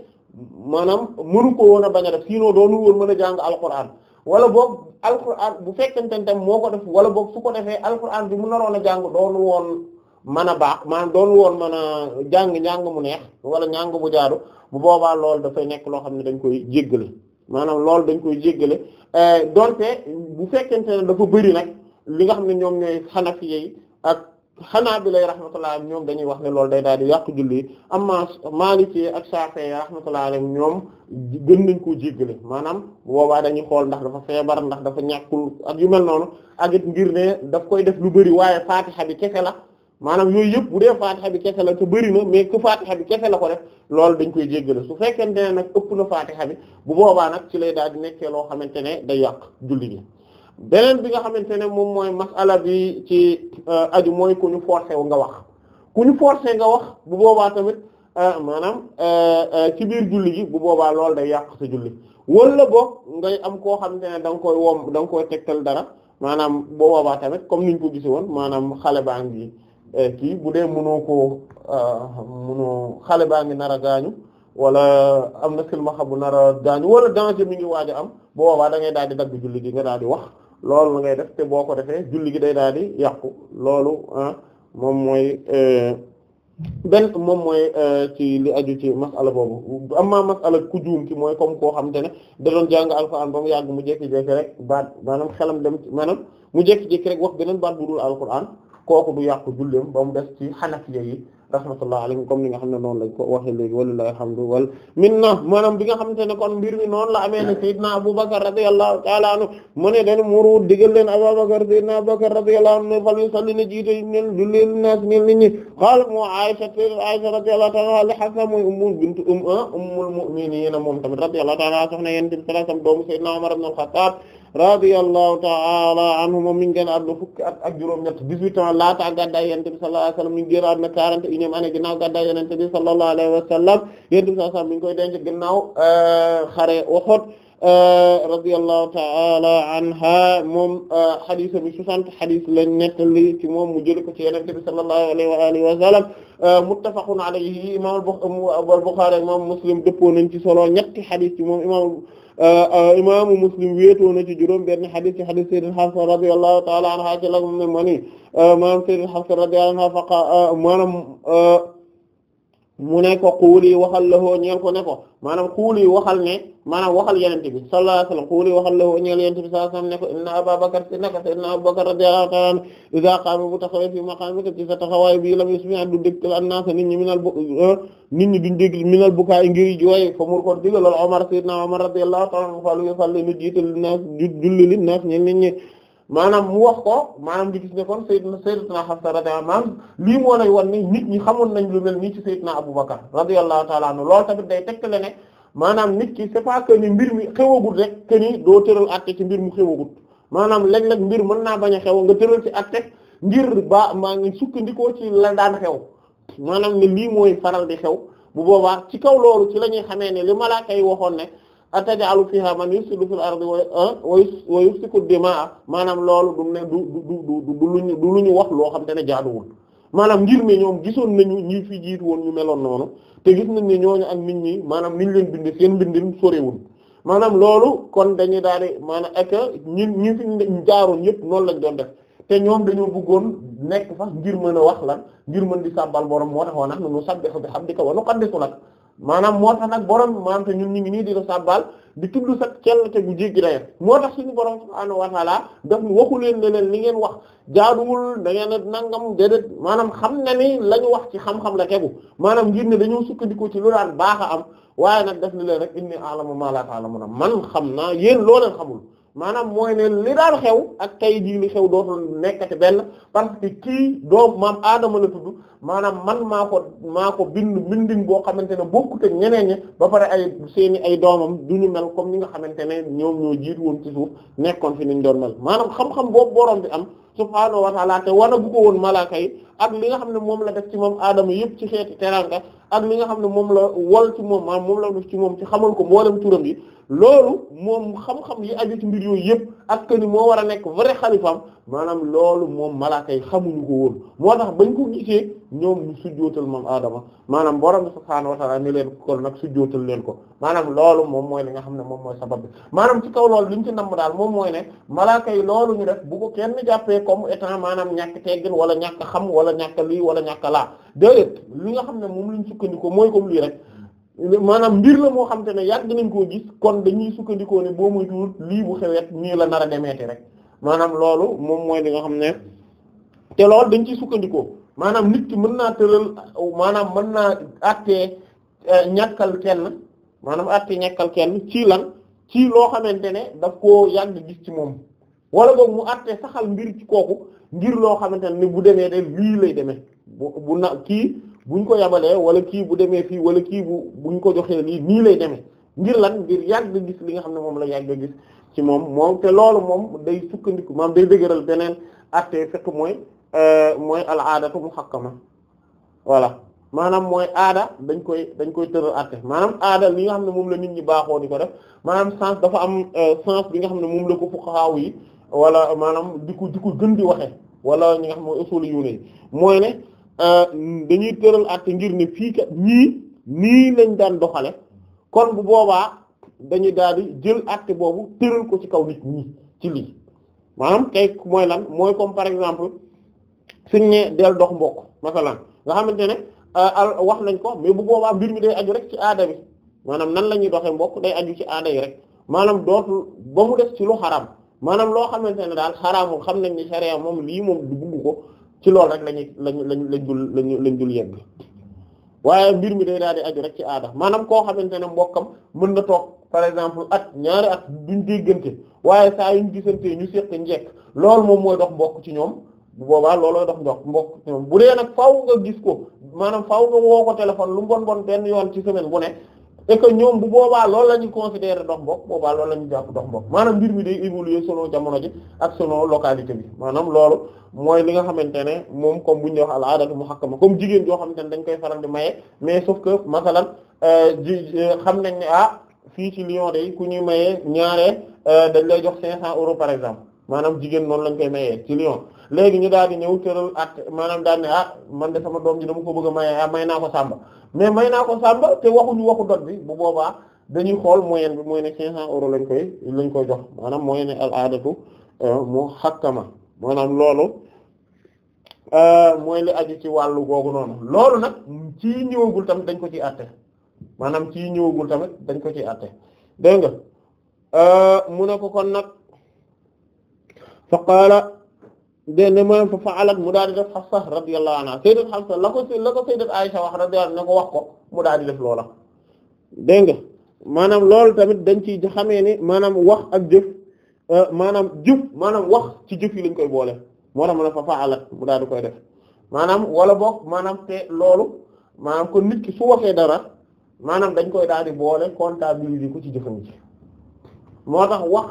maanaam mënu ko woon a bañ a def sinon doonu woon mën a jàng alquran wala boog alquran bu fekkente ne moo ko def wala boog su ko defee alquran bi mu naroon a jàng doonu woon mën a baax maanaam doonu woon mën a jàng njàng mu neex wala njàng bu jaadu bu boobaa loolu dafay nekk loo xam ne dañ koy jéggale maanaam loolu dañ koy jéggale eh, donte bu fekkente ne dafa bëri nag li nga xam ne ñoom ñooy xanafiye yi ak xanaa xanaabilay rahmatullah alayhim ñoom dañuy wax ne loolu day daal di yàq julli amma maliki ak shafi'i rahmatullah alayhim ñoom gën nañ koo jéggale maanaam boobaa dañuy xool ndax dafa feebar ndax dafa ñàkkul ak yu mel noonu ak ngir ne daf koy def lu bëri waaye fatiha bi kese la maanaam yooyu yëpp bu dee faatixa bi kese la te bëri na mais ku faatixa bi kese la ko def loolu dañ koy jéggale su fekkente ne nag ëpp na faatixa bi bu boobaa nag ci lay daal di nekkee loo xamante ne day yàq julli gi beneen bi nga xamante ne moom mooy masala bi ci euh, aju mooy ku ñu forcé wu nga wax ku ñu forcé nga wax bu boobaa tamit euh, maanaam euh, ci biir julli gi bu boobaa loolu day yàq sa julli wala boo ngay am koo xam ne da nga koy wom danga nga koy tegtal dara maanaam bu boobaa tamit comme niñ ko gise woon maanaam xale baa ngi Eh, kii bu dee mënoo ko ah, mënoo xale baa ngi nar a gaañu wala am na silmaxa bu nara a gaañu wala danger mi ngi waaj a am bu boobaa da daal di dagg julli gi nga daal di wax loolu la te boo ko defee julli gi day daal di yàqu loolu ah, moom mooy eh, benn moom mooy eh, ci li aju ci masala boobu amma masala ku juum ki mooy comme koo xamante ne da doon jàng alxuraan ba mu yàgg mu jékki-jékki baat maanaam xelam dem maanaam mu jékki-jékki rek wax beneen baat bu dul alxuraan kooku du yàqu julleem ba mu des ci xanafiya yi rahmatullah alayhim comme ni nga xam ne noonu lañ ko waxee léegi walilahi alhamdu wal minna maanaam bi nga xamante ne kon mbir mi noonu la amee ne sayyidina abubakar radiyallahu ta'ala anhu mu ne den muru digal leen abubakar sayyidina abubakar radiyallahu anhu fal yusalli ne jiite neen julleel naas neen nit ñi qaala moo Aisha Aisha radiyallahu ta'ala li Hafsa mooy ummu bintu um, ah, ummul mu'minin moom tamit radiyallahu ta'ala soxna yonent bi sallallahu alayhi wasallam doomu sayyidina Umar ibn al-Khattab radiyallahu ta'ala anhu moom mi ngi génn àdduna fukki at ak juróom-ñett laata ak gàddaay bi sallallahu alayhi wasallam mi ngi génn àdduna 41e année ginnaaw gàddaay yonent bi sallallahu alayhi wasallam yonent bi sallallahu alayhi wasallam mi ngi koy denc ginnaaw euh, xare Uhud euh, radiyallahu ta'ala anha moom euh, xadiis bi 60 xadiis la nettali ci moom mu jël ko ci yonent bi sallallahu alayhi wa alihi wasallam muttafaqun alayhi imaam al-Bukhari imaam Muslim dëppoo ci solo ñetti xadiis ci moom imaam imaamu muslim wéetoo na ci juróom benn xadis ci xadis sayyidina Hafsa radiyallahu ta'ala anha ci la mu ne ma ni maanaam sayyidina Hafsa radiyallahu anha faqa maanaam mu ne ko xuuli waxal lahoo ñeel ko ne ko maanaam waxal ne maanaam waxal yenente bi sallallahu alayhi wasallam xuuli waxal ñeel yenente bi sallallahu alayhi wasallam ne ko inna ababakar si naka inna abubakar radiyallahu ta'ala anhu idha qaama bu taxawee fi maqaamika ci sa taxawaay bii lam yusmi' du dégtal annaasa nit ñi minal bu nit ñi duñ dégg minal bukaay ngir jooy fa mur ko digalool omar sayyidna omar radiyallahu ta'ala nu jiital naas nit ñi maanaam mu wax ko maanaam di gis ne kon sayyidna sayyidatuna Hafsa radiyallahu anha lii moo lay wan ni nit ñi xamoon nañ lu mel nii ci naa Abu Bakar radiyallahu ta'ala anhu loolu tamit day tegtale ne maanaam nit ki c'est pas ni mbir mi xewagul rek que ni doo tëral àtte ci mbir mu xewagul maanaam léeg-léeg mbir mën naa bañ a xew nga tëral ci àtte ngir ba maa ngi sukkandikoo ci la daan xew maanaam ni lii mooy faral di xew bu boobaa ci kaw loolu ci la ñuy xamee ne li malaaka yi waxoon ne ataj'alu fiha man yufsidu fil ardi ah, wa yufsiku dimaa maanaam loolu du ne du du du du luñu du lu ñu wax loo xam te ne jaaduwul maanaam ngir ne ñoom gisoon nañu ñi fi jiitu woon ñu meloon noonu te gis nañ ne ñooñu ak nit ñi maanaam niñ leen bindee seen mbindin sorewul maanaam loolu kon dañuy daal di maanaam ak ñi ñi fi jaaroon yëpp noonu lañ doon def te ñoom dañoo bëggoon nekk fa ngir mën a wax lan ngir mën di sàbbal borom moo tax woon nag nu sabbihu bihamdika wa nuqaddisu lak maanaam moo tax nag borom maanaam te ñun ñu ngi nii di la sabbal di tudd sax kenn te bu jéggi dayoo moo tax suñu borom subhaanahu wa taala daf ñu waxu leen ne leen li ngeen wax jaaduwul da ngeen a nangam déedéet maanaam xam na ni la ñu wax ci xam-xam la tegu maanaam ngir ne dañoo sukkandiku ci lu daan baax a am waaye nag def ni leen rek inni a'lamu ma la ta'lamun man xam naa yéen looleen leen xamul. maanaam mooy ne li daan xew ak tey jii li xew dootul nekkati benn parce que kii doom maam aadama la tudd maanaam man maa ko maa ko bind bindin boo xamante ne bokkut ak ñeneen ñi ba pare ay seeni ay doomam du ñu mel comme ñi nga xamante ne ñoom ñoo jiitu woon ci suuf nekkoon fi niñ doon mel maanaam xam-xam boobu borom bi am subhaanahu wa ta'ala te wana bu ko woon malaaka yi ak li nga xam ne moom la def ci moom aadama yëpp ci xeeti teranga ak li nga xam ne moom la wol ci moom maanaam moom la def ci moom ci xamal ko mboolem turam yi loolu moom xam-xam yi aju ci mbir yooyu yëpp ak que ni moo war a nekk vrai xalifam maanaam loolu moom malaaka yi xamuñu ko woon moo tax bañ ko gisee ñoom ñu sujjootal moom Adama maanaam borom subhaanahu wa ta'aala ni leen kon nag sujjootal leen ko maanaam loolu moom mooy li nga xam ne moom mooy sabab bi maanaam ci kaw loolu li ñu ci namm daal moom mooy ne malaaka yi loolu ñu def bu ko kenn jàppee comme étant maanaam ñàkk teggin wala ñàkk xam wala ñàkk lii wala ñàkk laa déedéet li nga xam ne moom lañ ci sukkandikoo mooy comme lii rek maanaam mbir la moo xam te ne yàgg nañ koo gis kon dañuy sukkandikoo ne boo muy tuut lii bu xewet nii la nar a demeeti rek maanaam loolu moom mooy li nga xam ne te loolu dañ ciy sukkandikoo maanaam nit mën naa tëral maanaam mën naa àttee eh, ñàkkal kenn maanaam àttee ñàkkal kenn ci lan ci loo xamante ne daf koo yàgg gis ci moom wala boog mu àttee saxal mbir kooku ngir loo xamante ne bu demee de lii lay demee bu bu na kii bu ñu ko yabalee wala kii bu demee fii wala kii bu buñ ko joxee lii nii lay demee ngir lan ngir yàgg gis li nga xam ne moom la yàgg gis ci moom moom te loolu moom day sukkandiku maam day dëgëral beneen attee fekk mooy euh, mooy al aadatu muhakkama voilà maanaam mooy aada dañ koy dañ koy tëral atte maanaam aada li nga xam ne moom la nit ñi baaxoo di ko rek maanaam sens dafa am euh, sens bi nga xam ne moom la ko fuqaha yi wala maanaam di ko di ko gën di waxe wala ñi nga xam ne mooy usulu yu ne mooy ne Euh, dañuy tëral àtte ngir ne fii kat ñii nii lañ daan doxale kon bu boobaa dañuy daal di jël àtte boobu tëral ko ci kaw nit ñi ci lii maanaam tey mooy lan mooy comme par exemple suñ ne del dox mbokk masalan nga xamante ne euh, wax nañ ko mais bu boobaa mbir mi day aju rek ci aada bi maanaam nan la ñuy doxee mbokk day aju ci aada yi rek maanaam dootul ba mu des ci lu xaram maanaam loo xamante ne daal xaraamul xam nañ ni sharia moom lii moom du bugg ko ci loolu rek lañuy lañ lañ lañ dul lañ lañ dul yegg waaye mbir mi day daal di aju rek ci aada maanaam koo xamante ne mbokkam mën na toog par exemple at ñaari at duñ déggante waaye saa yuñ gisante ñu seq njekk lool moom mooy dox mbokk ci ñoom bu boobaa loolooy dox ndox mbokk ci ñoom bu dee nag faaw nga gis ko maanaam faaw nga woo ko téléphone lu mu bon bon benn yoon ci semaine bu ne et que ñoom bu boobaa loolu la ñu considérer dox mbokk boobaa loolu la ñu jàpp dox mbokk maanaam mbir mi day évoluer selon jamono ji ak selon localité bi maanaam loolu mooy li nga xamante ne moom comme bu ñuy wax al aadatu muhakkama comme jigéen joo xamante ne dañ koy faral di maye mais sauf que masalan euh, ji xam nañ ne ah fii ci Lyon de ku ñuy mayee ñaare euh, dañ lay jox 500 euros par exemple maanaam jigéen noonu lañ koy mayee ci Lyon léegi ñu daal di new tëral at maanaam daal ne ah man de sama doom ji dama ko bëgg a maye ah, may naa ko sàmba mais may naa ko sàmba te waxuñu waxu dot bi bu boobaa dañuy xool moyenne mooy ne cinq cent euros lañ koy lañ koy jox maanaam mooy ne al aadatu euh, mu xakkama maanaam loolu euh, mooy li aju ci wàllu googu noonu loolu nag ci ñëwagul tamit dañ ko ci àtte maanaam ci ñëwagul tamit dañ ko ci àtte dégg nga euh, mu ne ko kon nag fa qaala de nga maanaam fa fa'alat mu daal di def Hafsa radiyallahu anha sayyidat Hafsa la ko la ko sayyidat Aisha wax radiyallahu anha ne ko wax ko mu daal di def loola dégg nga maanaam loolu tamit dañ ci xamee ne maanaam wax ak jëf euh, maanaam jëf maanaam wax ci jëf yi lañ koy boole moo tax ma ne fa mu daal di koy def maanaam wala boog maanaam te loolu maanaam kon nit ki su waxee dara maanaam dañ koy daal di boole comptabiliser ko ci jëfam ci moo tax wax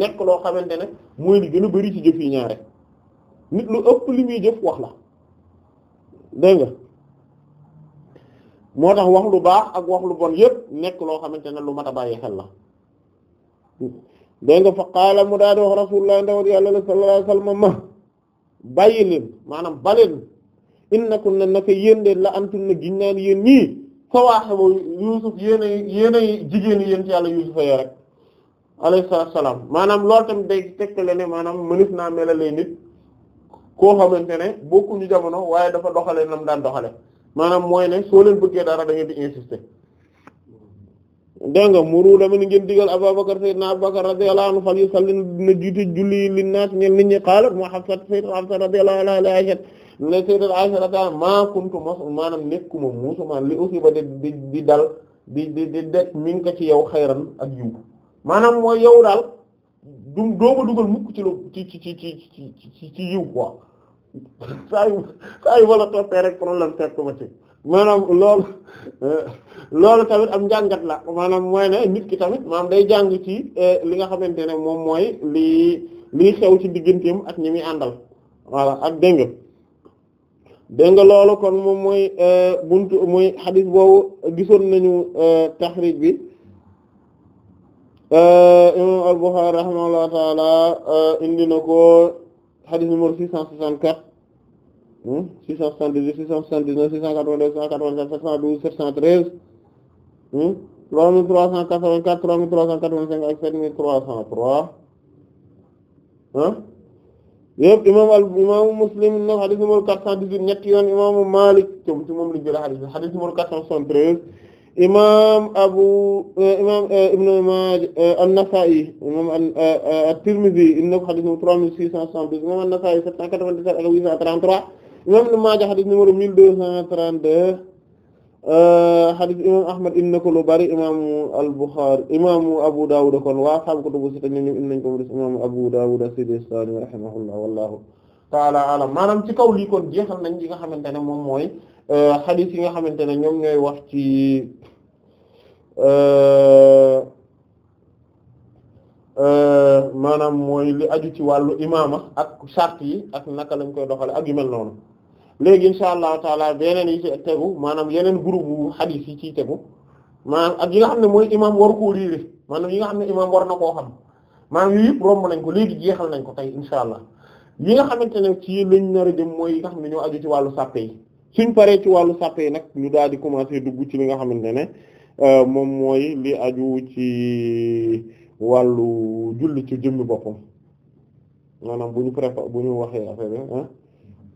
nekk loo xamante ne mu li gën a bari ci jëf yi ñaare. nit lu ëpp li muy jëf wax la dégg nga moo tax wax lu baax ak wax lu bon yépp nekk loo xamante ne lu mat a bàyyi xel la dégg nga fa qaala mu daa di wax rasulullah ndawat yàlla la sallallahu alayhi wasallam ma bàyyi leen maanaam baleen innakum na naka yéen de la antum na giñ naan yéen ñii sawaaxibu yusuf yéen ay yéen ay jigéen yéen ci yàlla yusufa yo rek alayhi salaam maanaam loolu tamit day tegtale ne maanaam mënif naa melalee nit koo xamante ne bokkuñu jamono waaye dafa doxale nam daan doxale maanaam mooy ne soo leen bëggee dara da ngeen di insister dégg nga muru dama ni ngeen digal Abubakar sayyidna Abubakar radiyallahu anhu fal yusalli na jiite julli lin naas ñeen nit ñi qaalat moo Hafsa sayyidna Hafsa radiyallahu anha la Aisha ne sayyidna Aisha radiyallahu anha maa kuntu mos maanaam nekkuma muusumaan li aussi ba di di di dal di di di det mi ngi ko ci yow xayran ak yiw maanaam mooy yow daal du dooma dugal mukk ci lu ci ci ci ci ci ci yiw quoi saa yu saa toppee rek problème fekk ma ci maanaam loolu loolu tamit am njàngat la maanaam mooy ne nit ki tamit maanaam day jàng ci eh, li nga xamante ne moom mooy lii lii xew ci digganteem ak ñi muy àndal voilà ak dégg dégg nga loolu kon moom mooy eh, buntu muy xadis boobu gisoon nañu eh, taxrij bi imam al-Bukhari rahimahullahu taala indi ko xadis numéro 664 678 679 682 684 712 713 3384 3385 ak 7303 ah hmm. yëpp imaam al imaamu Muslim na xadis numéro 418 ñetti yoon imaamu Maalik ci moom lañ jëlee xadis xadis numéro 473 imam Abu eh, imam eh, Ibn Maaja eh, an-Nasaa'i imam at-Tirmidhi indi na ko xadis numéro trois mille six cent soixante-douze imam an-Nasaa'i sept Ibn Maaja xadis numéro mille deux na ko lu bari imam al-Bukhari imam Abu Dawud kon waa xam ko dugg ci tan ñu indi ko des imam Abu Dawud as-Sijistaani rahimahullah wallahu ta'ala a'lam maanaam ci kaw kon jeexal nañ li nga xamante ne moom mooy xadis euh, yi nga xamante ne ñoom ñooy wax ci euh, euh, maanaam mooy li aju ci wàllu imaama ak sart yi ak naka lañ koy doxale ak yu noonu léegi insha allah taala beneen yi ci tegu maanaam yeneen groupe bu yi ciy tegu maanaam ak yi nga xam ne mooy imaam waru koo liire maanaam yi nga xam ne imaam war na koo xam maanaam yooyu yëpp romb nañ ko léegi jeexal nañ ko tey insha allah yi nga xamante ne ci lañ nar a dem mooy yi nga xam ne ñoo aju ci wàllu sàppe yi suñ paree ci wàllu sàppe yi nag ñu daal di commencer dugg ci li nga xamante ne euh, moom mooy li aju ci wàllu julli ci jëmmi boppam maanaam bu ñu prépa bu ñu waxee affaire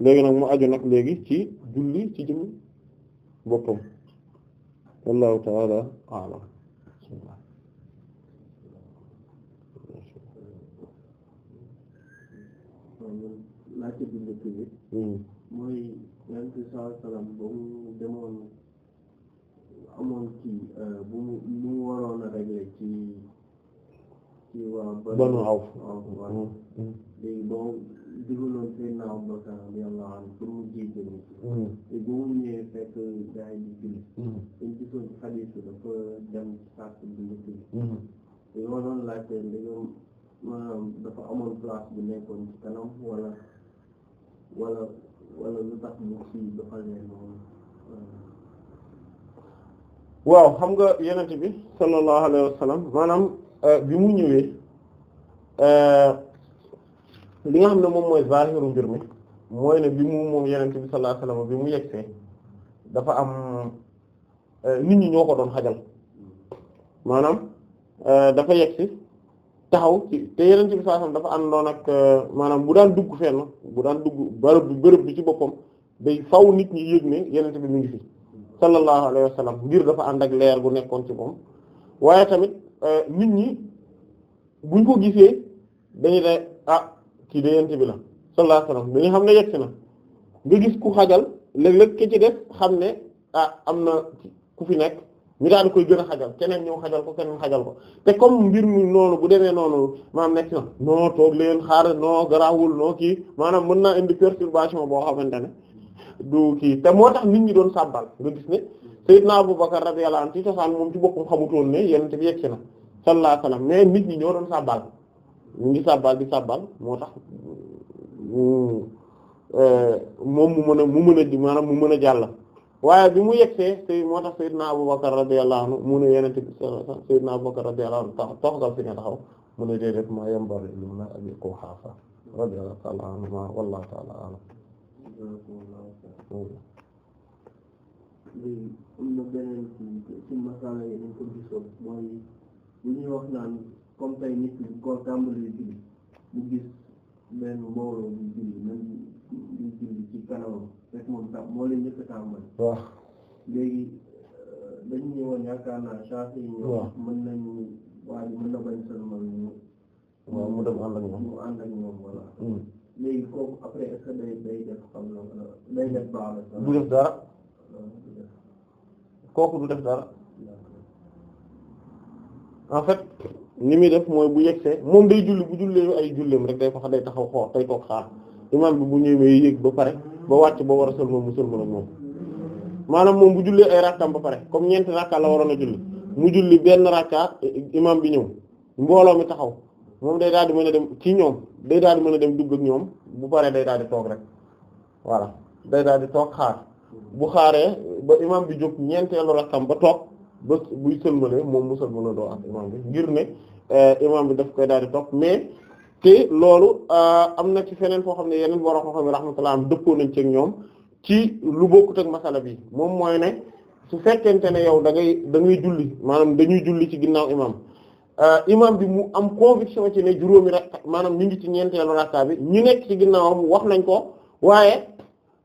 léegi nag mu aju nag léegi ci julli ci jëmmi boppam wallahu ta'ala a'lam yonent bi sallallahu ba mu demoon amoon kii euh, bu mu lu mu waroon a régler ci ci waa Banu Awf waaw mm-hmm. Mm-hmm. léegi ba mu digaloon Seydina Abu Bakar radiyallahu anhu pour mu jéggal ni te bu mu ñëwee fekk gars yi di julli mm-hmm. dañ gisoon ci xadiis bi dafa dem sàkk bi mu julli te dafa amoon place bu nekkoon ci kanam wala wala Euh. waaw xam nga yonent bi sallallahu alayhi wa maanaam euh, bi mu ñëwee euh, li nga xam ne moom mooy zahiru mbir mi mooy ne bi mu moom yonent bi sallallahu alayhi bi mu yegsee dafa am nit ñi ñoo ko doon xajal maanaam dafa yegsi taxaw ci te yeneen ci biir dafa àndoon ak euh, maanaam bu daan dugg fenn bu daan dugg bërëb bi bërëb bi ci boppam day faw nit ñi yëg ne yeneen bi mu ngi fi sallallahu alayhi wa ngir dafa ànd ak leer gu nekkoon ci moom waaye tamit euh, nit ñi buñ ko gisee dañuy ne ah kii de yeneen bi la sallallahu alayhi wa sallam dañuy xam ne yegg si na nga gis ku xajal léeg-léeg ki ci def xam ne ah am na ku fi nekk. ñu daal koy gën a xajal keneen ñëw xajal ko keneen xajal ko te comme mbir mi noonu bu demee noonu maanaam nekk na non toog leen xaar noo garaawul non kii maanaam mën naa indi perturbation boo xamante ne du kii te moo tax nit ñi doon sàbbal nga gis ne Seydina Abubakar radiyallahu anhu ci cosaan moom ci boppam xamutoon ne yonent bi yegsi na sallallahu alayhi wasallam mais nit ñoo doon sàbbal ñu ngi sàbbal di moo tax euh, moom mu mën a mu mën a maanaam mu mën a jàll waaye bi mu yegsee te moo tax Seydina Abubakar radiyallahu anhu mu ne yenente bi Seydina Abubakar radiyallahu anhu tax toxgal fi nga taxaw mu ne déedéet ma yambari lim na abi Quhaafa radiyallahu ta'ala anhuma wallahu ta'ala a'lam am na beneen ci ci masala yi dañ ko gisoon mooy bu ñuy wax naan comme tey nit ki koor tàmbali julli mu gis benn mbooloo bu julli di moom sax moo leen a tàmbal léegi euh, dañu ñëwoon yaakaar naa chance yi ñoom mu dem ànd ak ñoom mu ànd ak ñoom voilà hmm. léegi du def dara kooku du def dara en fait ni muy def mooy bu yegsee moom day julli bu jullee ay julleem rek day fax day taxaw xool day toog xaar imaam bi bu ñëwee yéeg ba pare ba wàcc ba war a sëlmal mu sëlmal ak moom maanaam moom bu jullee ay rakkaam ba pare comme ñeenti rakka la waroon a julli mu julli benn rakka imaam bi ñëw mbooloo mi taxaw moom day daal di mën a dem ci ñoom day mën a dem dugg ak ñoom bu paree day daal di toog rek voilà day daal di toog xaar bu xaaree ba imaam bi jóg ñeenteelu rakkam ba toog ba buy sëlmalee moom mu sëlmala doo ak imaam bi ngir ne eh, imaam bi daf koy daal di toog mais te loolu euh, am na ci feneen foo xam ne yeneen borom xam-xam yi rahmatullah am dëppoo nañ ci ñoom ci lu bokkut ak masala bi moom mooy ne su fekkente ne yow da ngay da ngay julli maanaam dañuy julli ci ginnaaw imam euh, imam bi mu am conviction ci ne juróomi rakka maanaam ñu ngi ci ñeenteelu rakka bi ñu nekk ci ginnaawam wax nañ ko waaye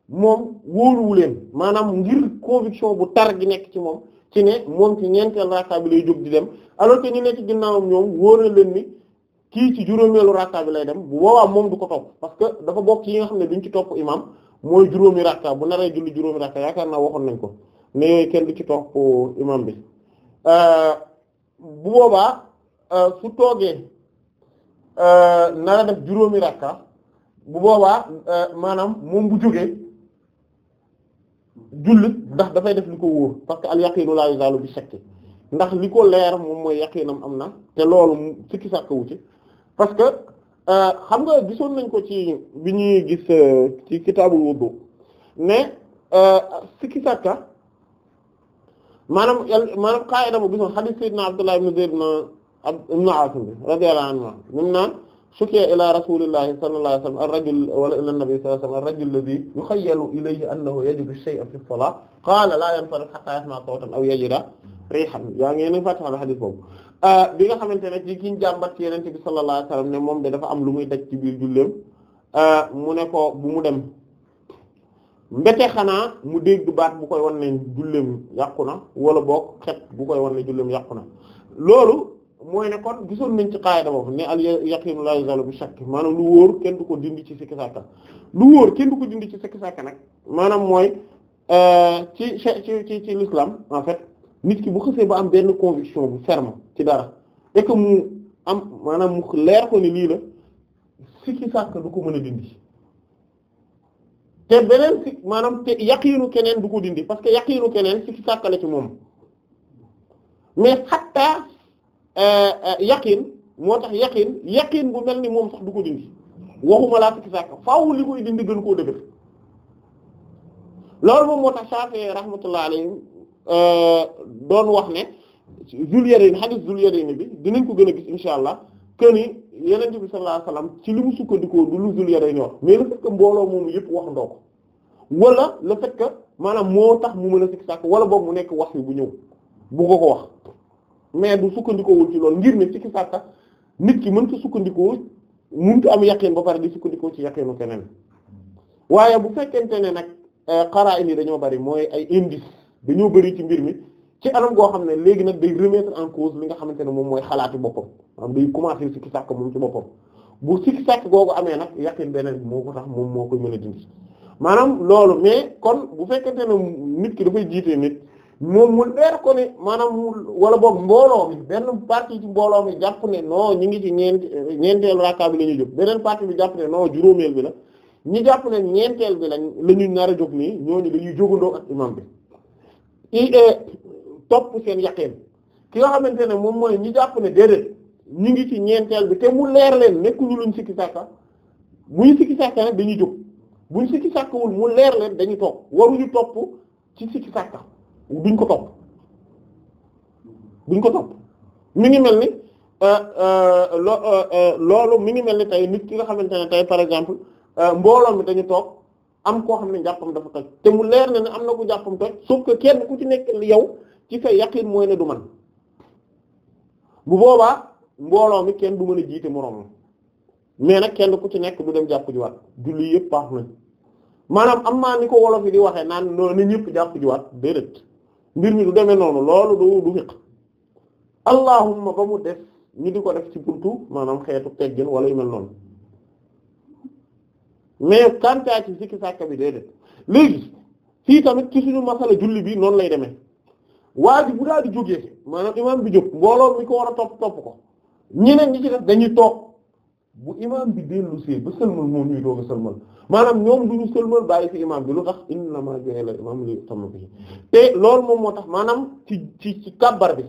moom wóoruwu leen maanaam ngir conviction bu tar gi nekk ci moom ci ne moom ci ñeenteelu rakka bi lay jóg di dem alors que ñu ci ginnaawam ñoom wóor leen ni. kii ci juróomeelu rakka bi lay dem bu boobaa moom du ko topp parce que dafa bokk yi nga xam ne duñ ci topp imam mooy juróomi rakka bu naree julli juróomi rakka yaakaar naa waxoon nañ ko ne yooyu kenn ci topp imam bi euh, bu boobaa euh, su toogee euh, nara def juróomi rakka bu boobaa maanaam moom bu jógee jullit ndax dafay def li ko wóor parce que al yaqinu la yuzalu bi shakk ndax li ko leer moom mooy yaqiinam am na te loolu sikki sàkk wu ci parce que euh, xam nga gisoon nañ ko ci bi ñuy gis euh, ci kitaabul wudu mais sikki euh, sàkka maanaam maanaam xaayida bu gisoon xadiis sayyidina Abdullah ibn Zayd ibn Abd ibn Asim radiyallahu anhu moom naan shukiya ila rasulillahi sallallahu alayhi wa sallam ar-rajul wala ila nabi sallallahu alayhi wa sallam ar-rajul alladhi yukhayyalu ilayhi annahu yajidu shay'an fi as-salah qaala yaa ngi ne fàttali hadith boobu ah, bi nga xamante ne ci kiñ jàmbat ci yenente bi ne moom de dafa am lu daj ci biir julleem ah, mu ne ko bu mu dem mbete xanaa mu dégg baat bu koy wan ne julleem yàqu na wala boog xet bu koy wan ne julleem yàqu na loolu mooy ne kon gisoon nañ ci qaayda boobu ne al yaqinu la yazalu bi shakk maanaam lu wóor kenn du ko dindi ci sikki sàkka lu wóor kenn du ko dindi ci sikki sàkka nag maanaam mooy euh, ci ci ci ci l'islam en fait nit ki bu xësee ba am benn conviction bu ferme ci dara et mu am maanaam mu leer ko ni lii la sikki sàkka du ko mën a dindi te beneen si maanaam te yaqiinu keneen du ko dindi parce que yaqiinu keneen sikki sàkka la ci moom mais xatta Euh, euh, yaqin moo tax yaqin yaqin bu mel ni moom sax du ko dindi waxuma laa sikki sàkk faaw li koy dindi gën koo dëgër loolu moom moo tax Shafi'i rahmatullah alayhi euh, doon wax ne Zul Yarayn hadith Zul Yarayn bi dinañ ko gën a gis insha allah kër ni Yonent bi sallallahu alayhi ci li mu sukkandikoo du lu Zul Yarayn wax mais le fait mbooloo moomu yëpp wax ndoo ko wala le fait que maanaam moo tax mu mën a sikki sàkk wala boobu mu nekk wax yu bu ñëw bu ko ko wax. mais du sukkandikoowul ci loolu ngir ne sikki sàkka nit ki mënta sukkandikoo mënta am yaqeen ba pare di sukkandikoo ci yakeenu keneen waaye bu fekkente ne nag euh, xaraa indi dañoo bari mooy ay indice dañoo bari ci mbir mi ci anam goo xam ne léegi nag day remettre en cause li nga xamante ne moom mooy xalaati boppam maanaam day commencer sikki sàkk moom ci boppam bu sikki sàkk googu amee nag yaqeen beneen moo ko tax moom moo koy mën a dindi maanaam loolu mais kon bu fekkente ne nit ki dafay jiite nit moom mu leer ko ne maanaam wala boog mbooloo mi benn parti ci mbooloo mi jàpp ne non ñu ngi ci ñeent ñeenteelu rakka bi la ñuy jóg beneen partie bi jàpp ne non juróomeel bi la ñi jàpp ne ñeenteel bi lañ la ñu nar a jóg nii ñooñu dañuy jógandoo ak imam bi i eh, topp seen yaqeen ki nga xamante ne moom mooy ñi jàpp ne déedéet ñu ngi ci ñeenteel bi te mu leer leen nekkuñu luñ sikki sàkka buñu sikki sàkka nag dañuy jóg buñ sikki sàkkawul mu leer leen dañuy toog waruñu topp ci sikki sàkka duñ ko topp duñ ko topp mi ngi mel ni euh, euh, euh, loolu mi ngi mel ni tay nit ki nga xamante ne tey par exemple mbooloo mi dañu toog am koo xam ne jàppam dafa toj te mu leer na ne am na ku jàppam toj sauf que kenn ku ci nekk yow ci sa yaqin mooy ne du man bu boobaa mbooloo mi kenn du mën a jiite moroomam mais nag kenn ku ci nekk du dem jàppu jiwaat julli yëpp baax nañ maanaam am naa ni ko wolof yi di waxee naan noonu ñëpp jàpp jiwaat déedéet mbir mi du demee noonu loolu du du fiq allahumma ba mu def ñu di ko def ci buntu maanaam xeetu teggin wala yu mel noonu mais kantaa ci sikki sàkka bi déedéet léegi fii tamit ki suñu masala julli bi noonu lay demee waa bu daal di jógee maanaam imam bi jóg mbooloo mi ko war a topp topp ko ñeneen ñi ci def dañuy toog bu imaam bi dellu see ba sëlmal moom ñuy doog a sëlmal maanaam ñoom duñu sëlmal bàyyi fi imaam bi lu tax innamaa ju'ila imaam li yutamma bihi te loolu moom moo tax maanaam ci ci ci kàbbar bi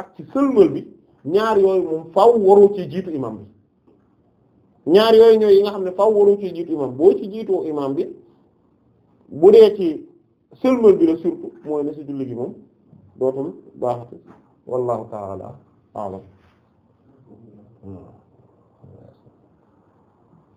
ak ci sëlmal bi ñaar yooyu moom faaw waroo ci jiitu imaam bi ñaar yooyu ñooy yi nga xam ne faw waroo ci jiitu imaam boo ci jiitoo imaam bi bu dee ci sëlmal bi la surtout mooy ne ci julli gi moom dootul baaxati wallahu ta'ala a'lam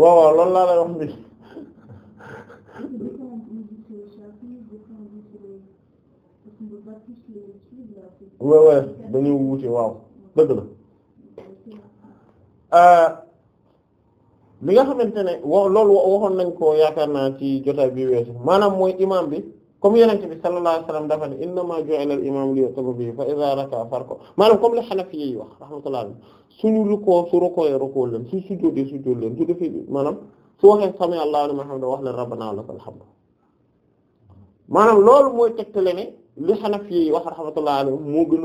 waaw waaw loolu laa lay wax ni waaw waaw dañoo wuute waaw dëgg la euh, li nga xamante ne wa loolu waxoon nañ ko yaakaar naa ci jotaay bi weesu maanaam mooy imaam bi comme yenente bi sallallahu alayhi wasallam dafa ne innamaa ju'ila al imaamu li yu'tamma bihi fa idha raka'a farko maanaam comme la Hanafi yi wax rahmatullah alayhi suñu rukoo su rukooyee rukoo leen su sujjóotee sujjóot leen su defee maanaam su waxee sami Allahu liman moo gën a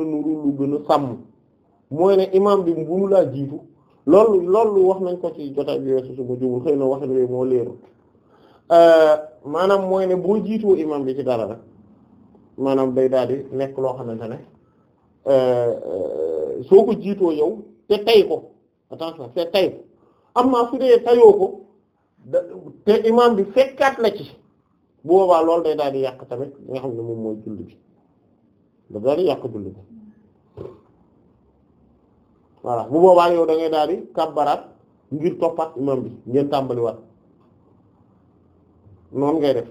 nuru a sàmm mooy wax nañ ko ci jotaay bi maanaam mooy ne boo jiitoo imam bi ci dara rek maanaam day daal di nekk loo xamante ne euh, soo ko jiitoo yow te tay ko attention te tay ko amma su dee tayoo ko da te imam bi fekkaat la ci bu boobaa loolu day daal di yàq tamit li nga xam ne moom mooy julli bi da daal di yàq julli bi voilà bu boobaa yow dangay daal di kabbaraat ngir toppaat imam bi ngeen tàmbaliwaat noonu ngay def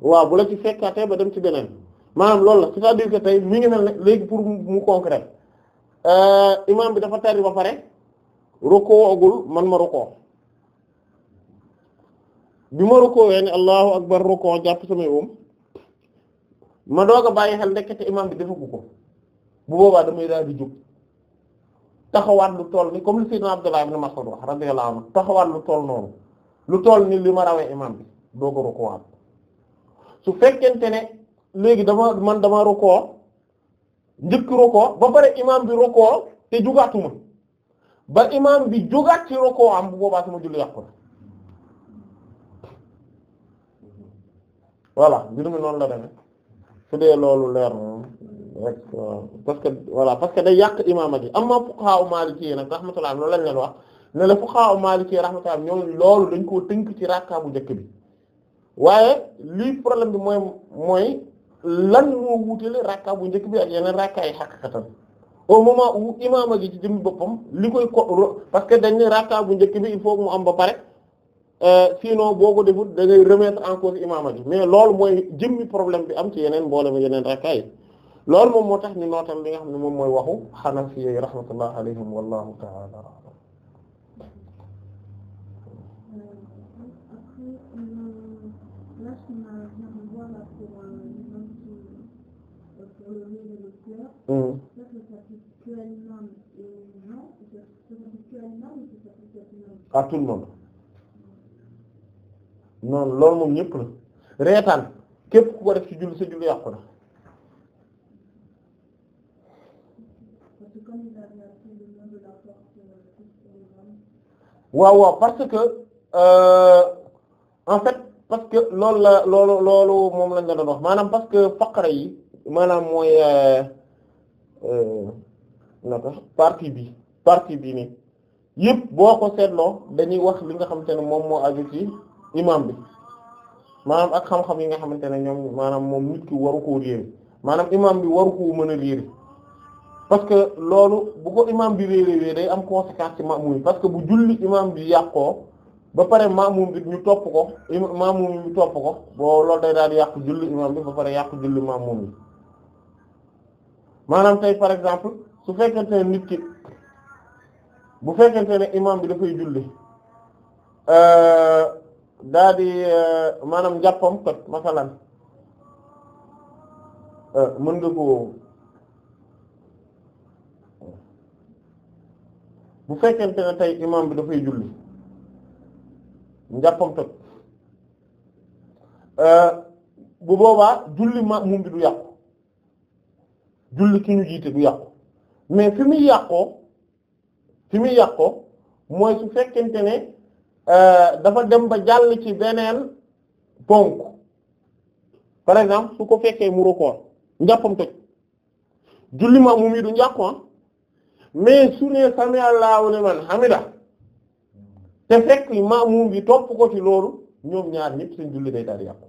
waaw bu la ci fekkaatee ba dem ci beneen maanaam loolu la c'est-à-dire que tey mu ngi mel ne léegi pour mu concret euh, imam bi dafa tari ba pare rokoo agul man ma rokoo bi ma rokoowee ne allahu akbar rokoo jàpp samay um ma doog a bàyyi xel ndekete imam bi defagu ko bu boobaa damay daal di jóg taxawaat lu toll ni comme li sayyidna Abdullah ibn Mas'ud wax radiyallahu anhu taxawaat lu toll noonu lu toll ni li ma rawee imam bi doo ko am su fekkente ne léegi dama man dama rukoo njëkk rukoo ba pare imam bi rukoo te jugaatuma ba imam bi jugaat ci rukoo am bu boobaa sama julli yàqu na voilà mbir mi noonu la deme su dee loolu leer rek euh, parce que voilà parce que day yàq imam ak yi amma fuqaha Maliki nag rahmatullah loolu lañ leen wax ne la fuqaha maliki rahmatullah ñoom loolu dañ koo tënk ci rakka bu njëkk bi waaye lii problème bi mooy mooy lan moo wuutale rakka bu njëkk bi ak yeneen rakka yi xaqiqatan au moment gi ci jëm boppam li koy ko parce que dañ ne rakka bu njëkk bi il faut mu am ba pare euh, sinon boo ko defut da ngay remettre en cause imaam gi mais loolu mooy jëmmi problème bi am ci yeneen mboolem yeneen rakka loolu moom moo tax ni nootal li nga xam ne moom mooy waxu Hanafi yi rahmatullah alayhim Mm. à tout le monde loolu moom ñëpp la reetaan képp ku ko def ci julli sa julli yàqu na waaw waaw parce que euh, en fait parce que loolu la loolu loolu moom lañ la doon wax maanaam parce que faqara yi maanaam mooy euh, euh, naka partie bi partie bi ni yëpp boo ko seetloo dañuy wax li nga xamante ne moom moo aju ci imam bi maanaam ak xam-xam yi nga xamante ne ñoom maanaam moom nit ki waru koo réer maanaam imam bi waru koo mën a réer parce que loolu bu ko imam bi réeréwee day am conséquence ci maamum bi parce que bu julli imam bi yàqoo ba pare maamum bi ñu topp ko maamum bi topp ko bo loolu day daal di yàq julli imam bi ba pare yàqu julli maamum bi maanaam tey par exemple su fekkente ne nit ki bu fekkente ne imam bi dafay julli euh, daa di euh, maanaam njàppam kot masalan euh, nga ko bu fekkente ne tey imam bi dafay julli njàppam toj bu boobaa julli ma mum bi du yàqu julli ki ñu jiite du yàqu mais fi muy yàqoo fi muy yàqoo mooy su fekkente ne euh, dafa dem ba jàll ci beneen ponk par exemple su ko fekkee mu rekoor njàppam toj julli ma mu mi du njàqoon ah. mais su ne sami Allahu liman hamida te fekk maamum bi topp ko ci loolu ñoom ñaar ñëpp seen julli day daal yàqu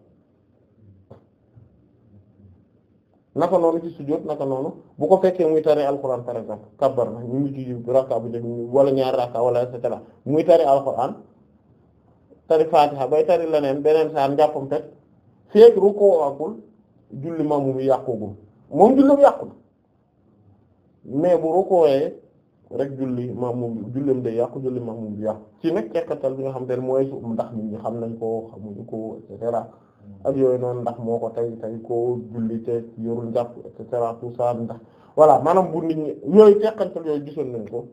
naka noonu ci sujjóot naka noonu bu ko fekkee muy tari alxuraan par exemple kabbar na ñu ngi ci rakka bu njëkk wala ñaari rakka wala et cetera muy tari alxuraan tari faatiha bay tari leneen beneen saar njàppam teg feek rukkoo akul julli maamu bi yàqugul moom julli mu yàqu mais bu rukkooyee rek julli maamu julleem day yàqu julli maamu bi yàqu ci nag tekkatal bi nga xam te ne mooy su ndax nit ñi xam nañ koo xamuñu ko ak yooyu noonu ndax moo ko tey tey koo julli te yorul jàpp et cetera tout ça ndax voilà maanaam bu nit teqantal yooyu gisoon nañ ko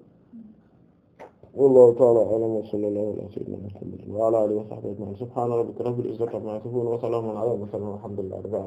wallahu ta'ala a'lam wa sallallahu ala sayyidina Muhammad wa ala wa sahbihi ajma'in subhana rabbika rabbil izzati amma yasifun wa salamun ala al mursalin walhamdulillahi rabbil alamin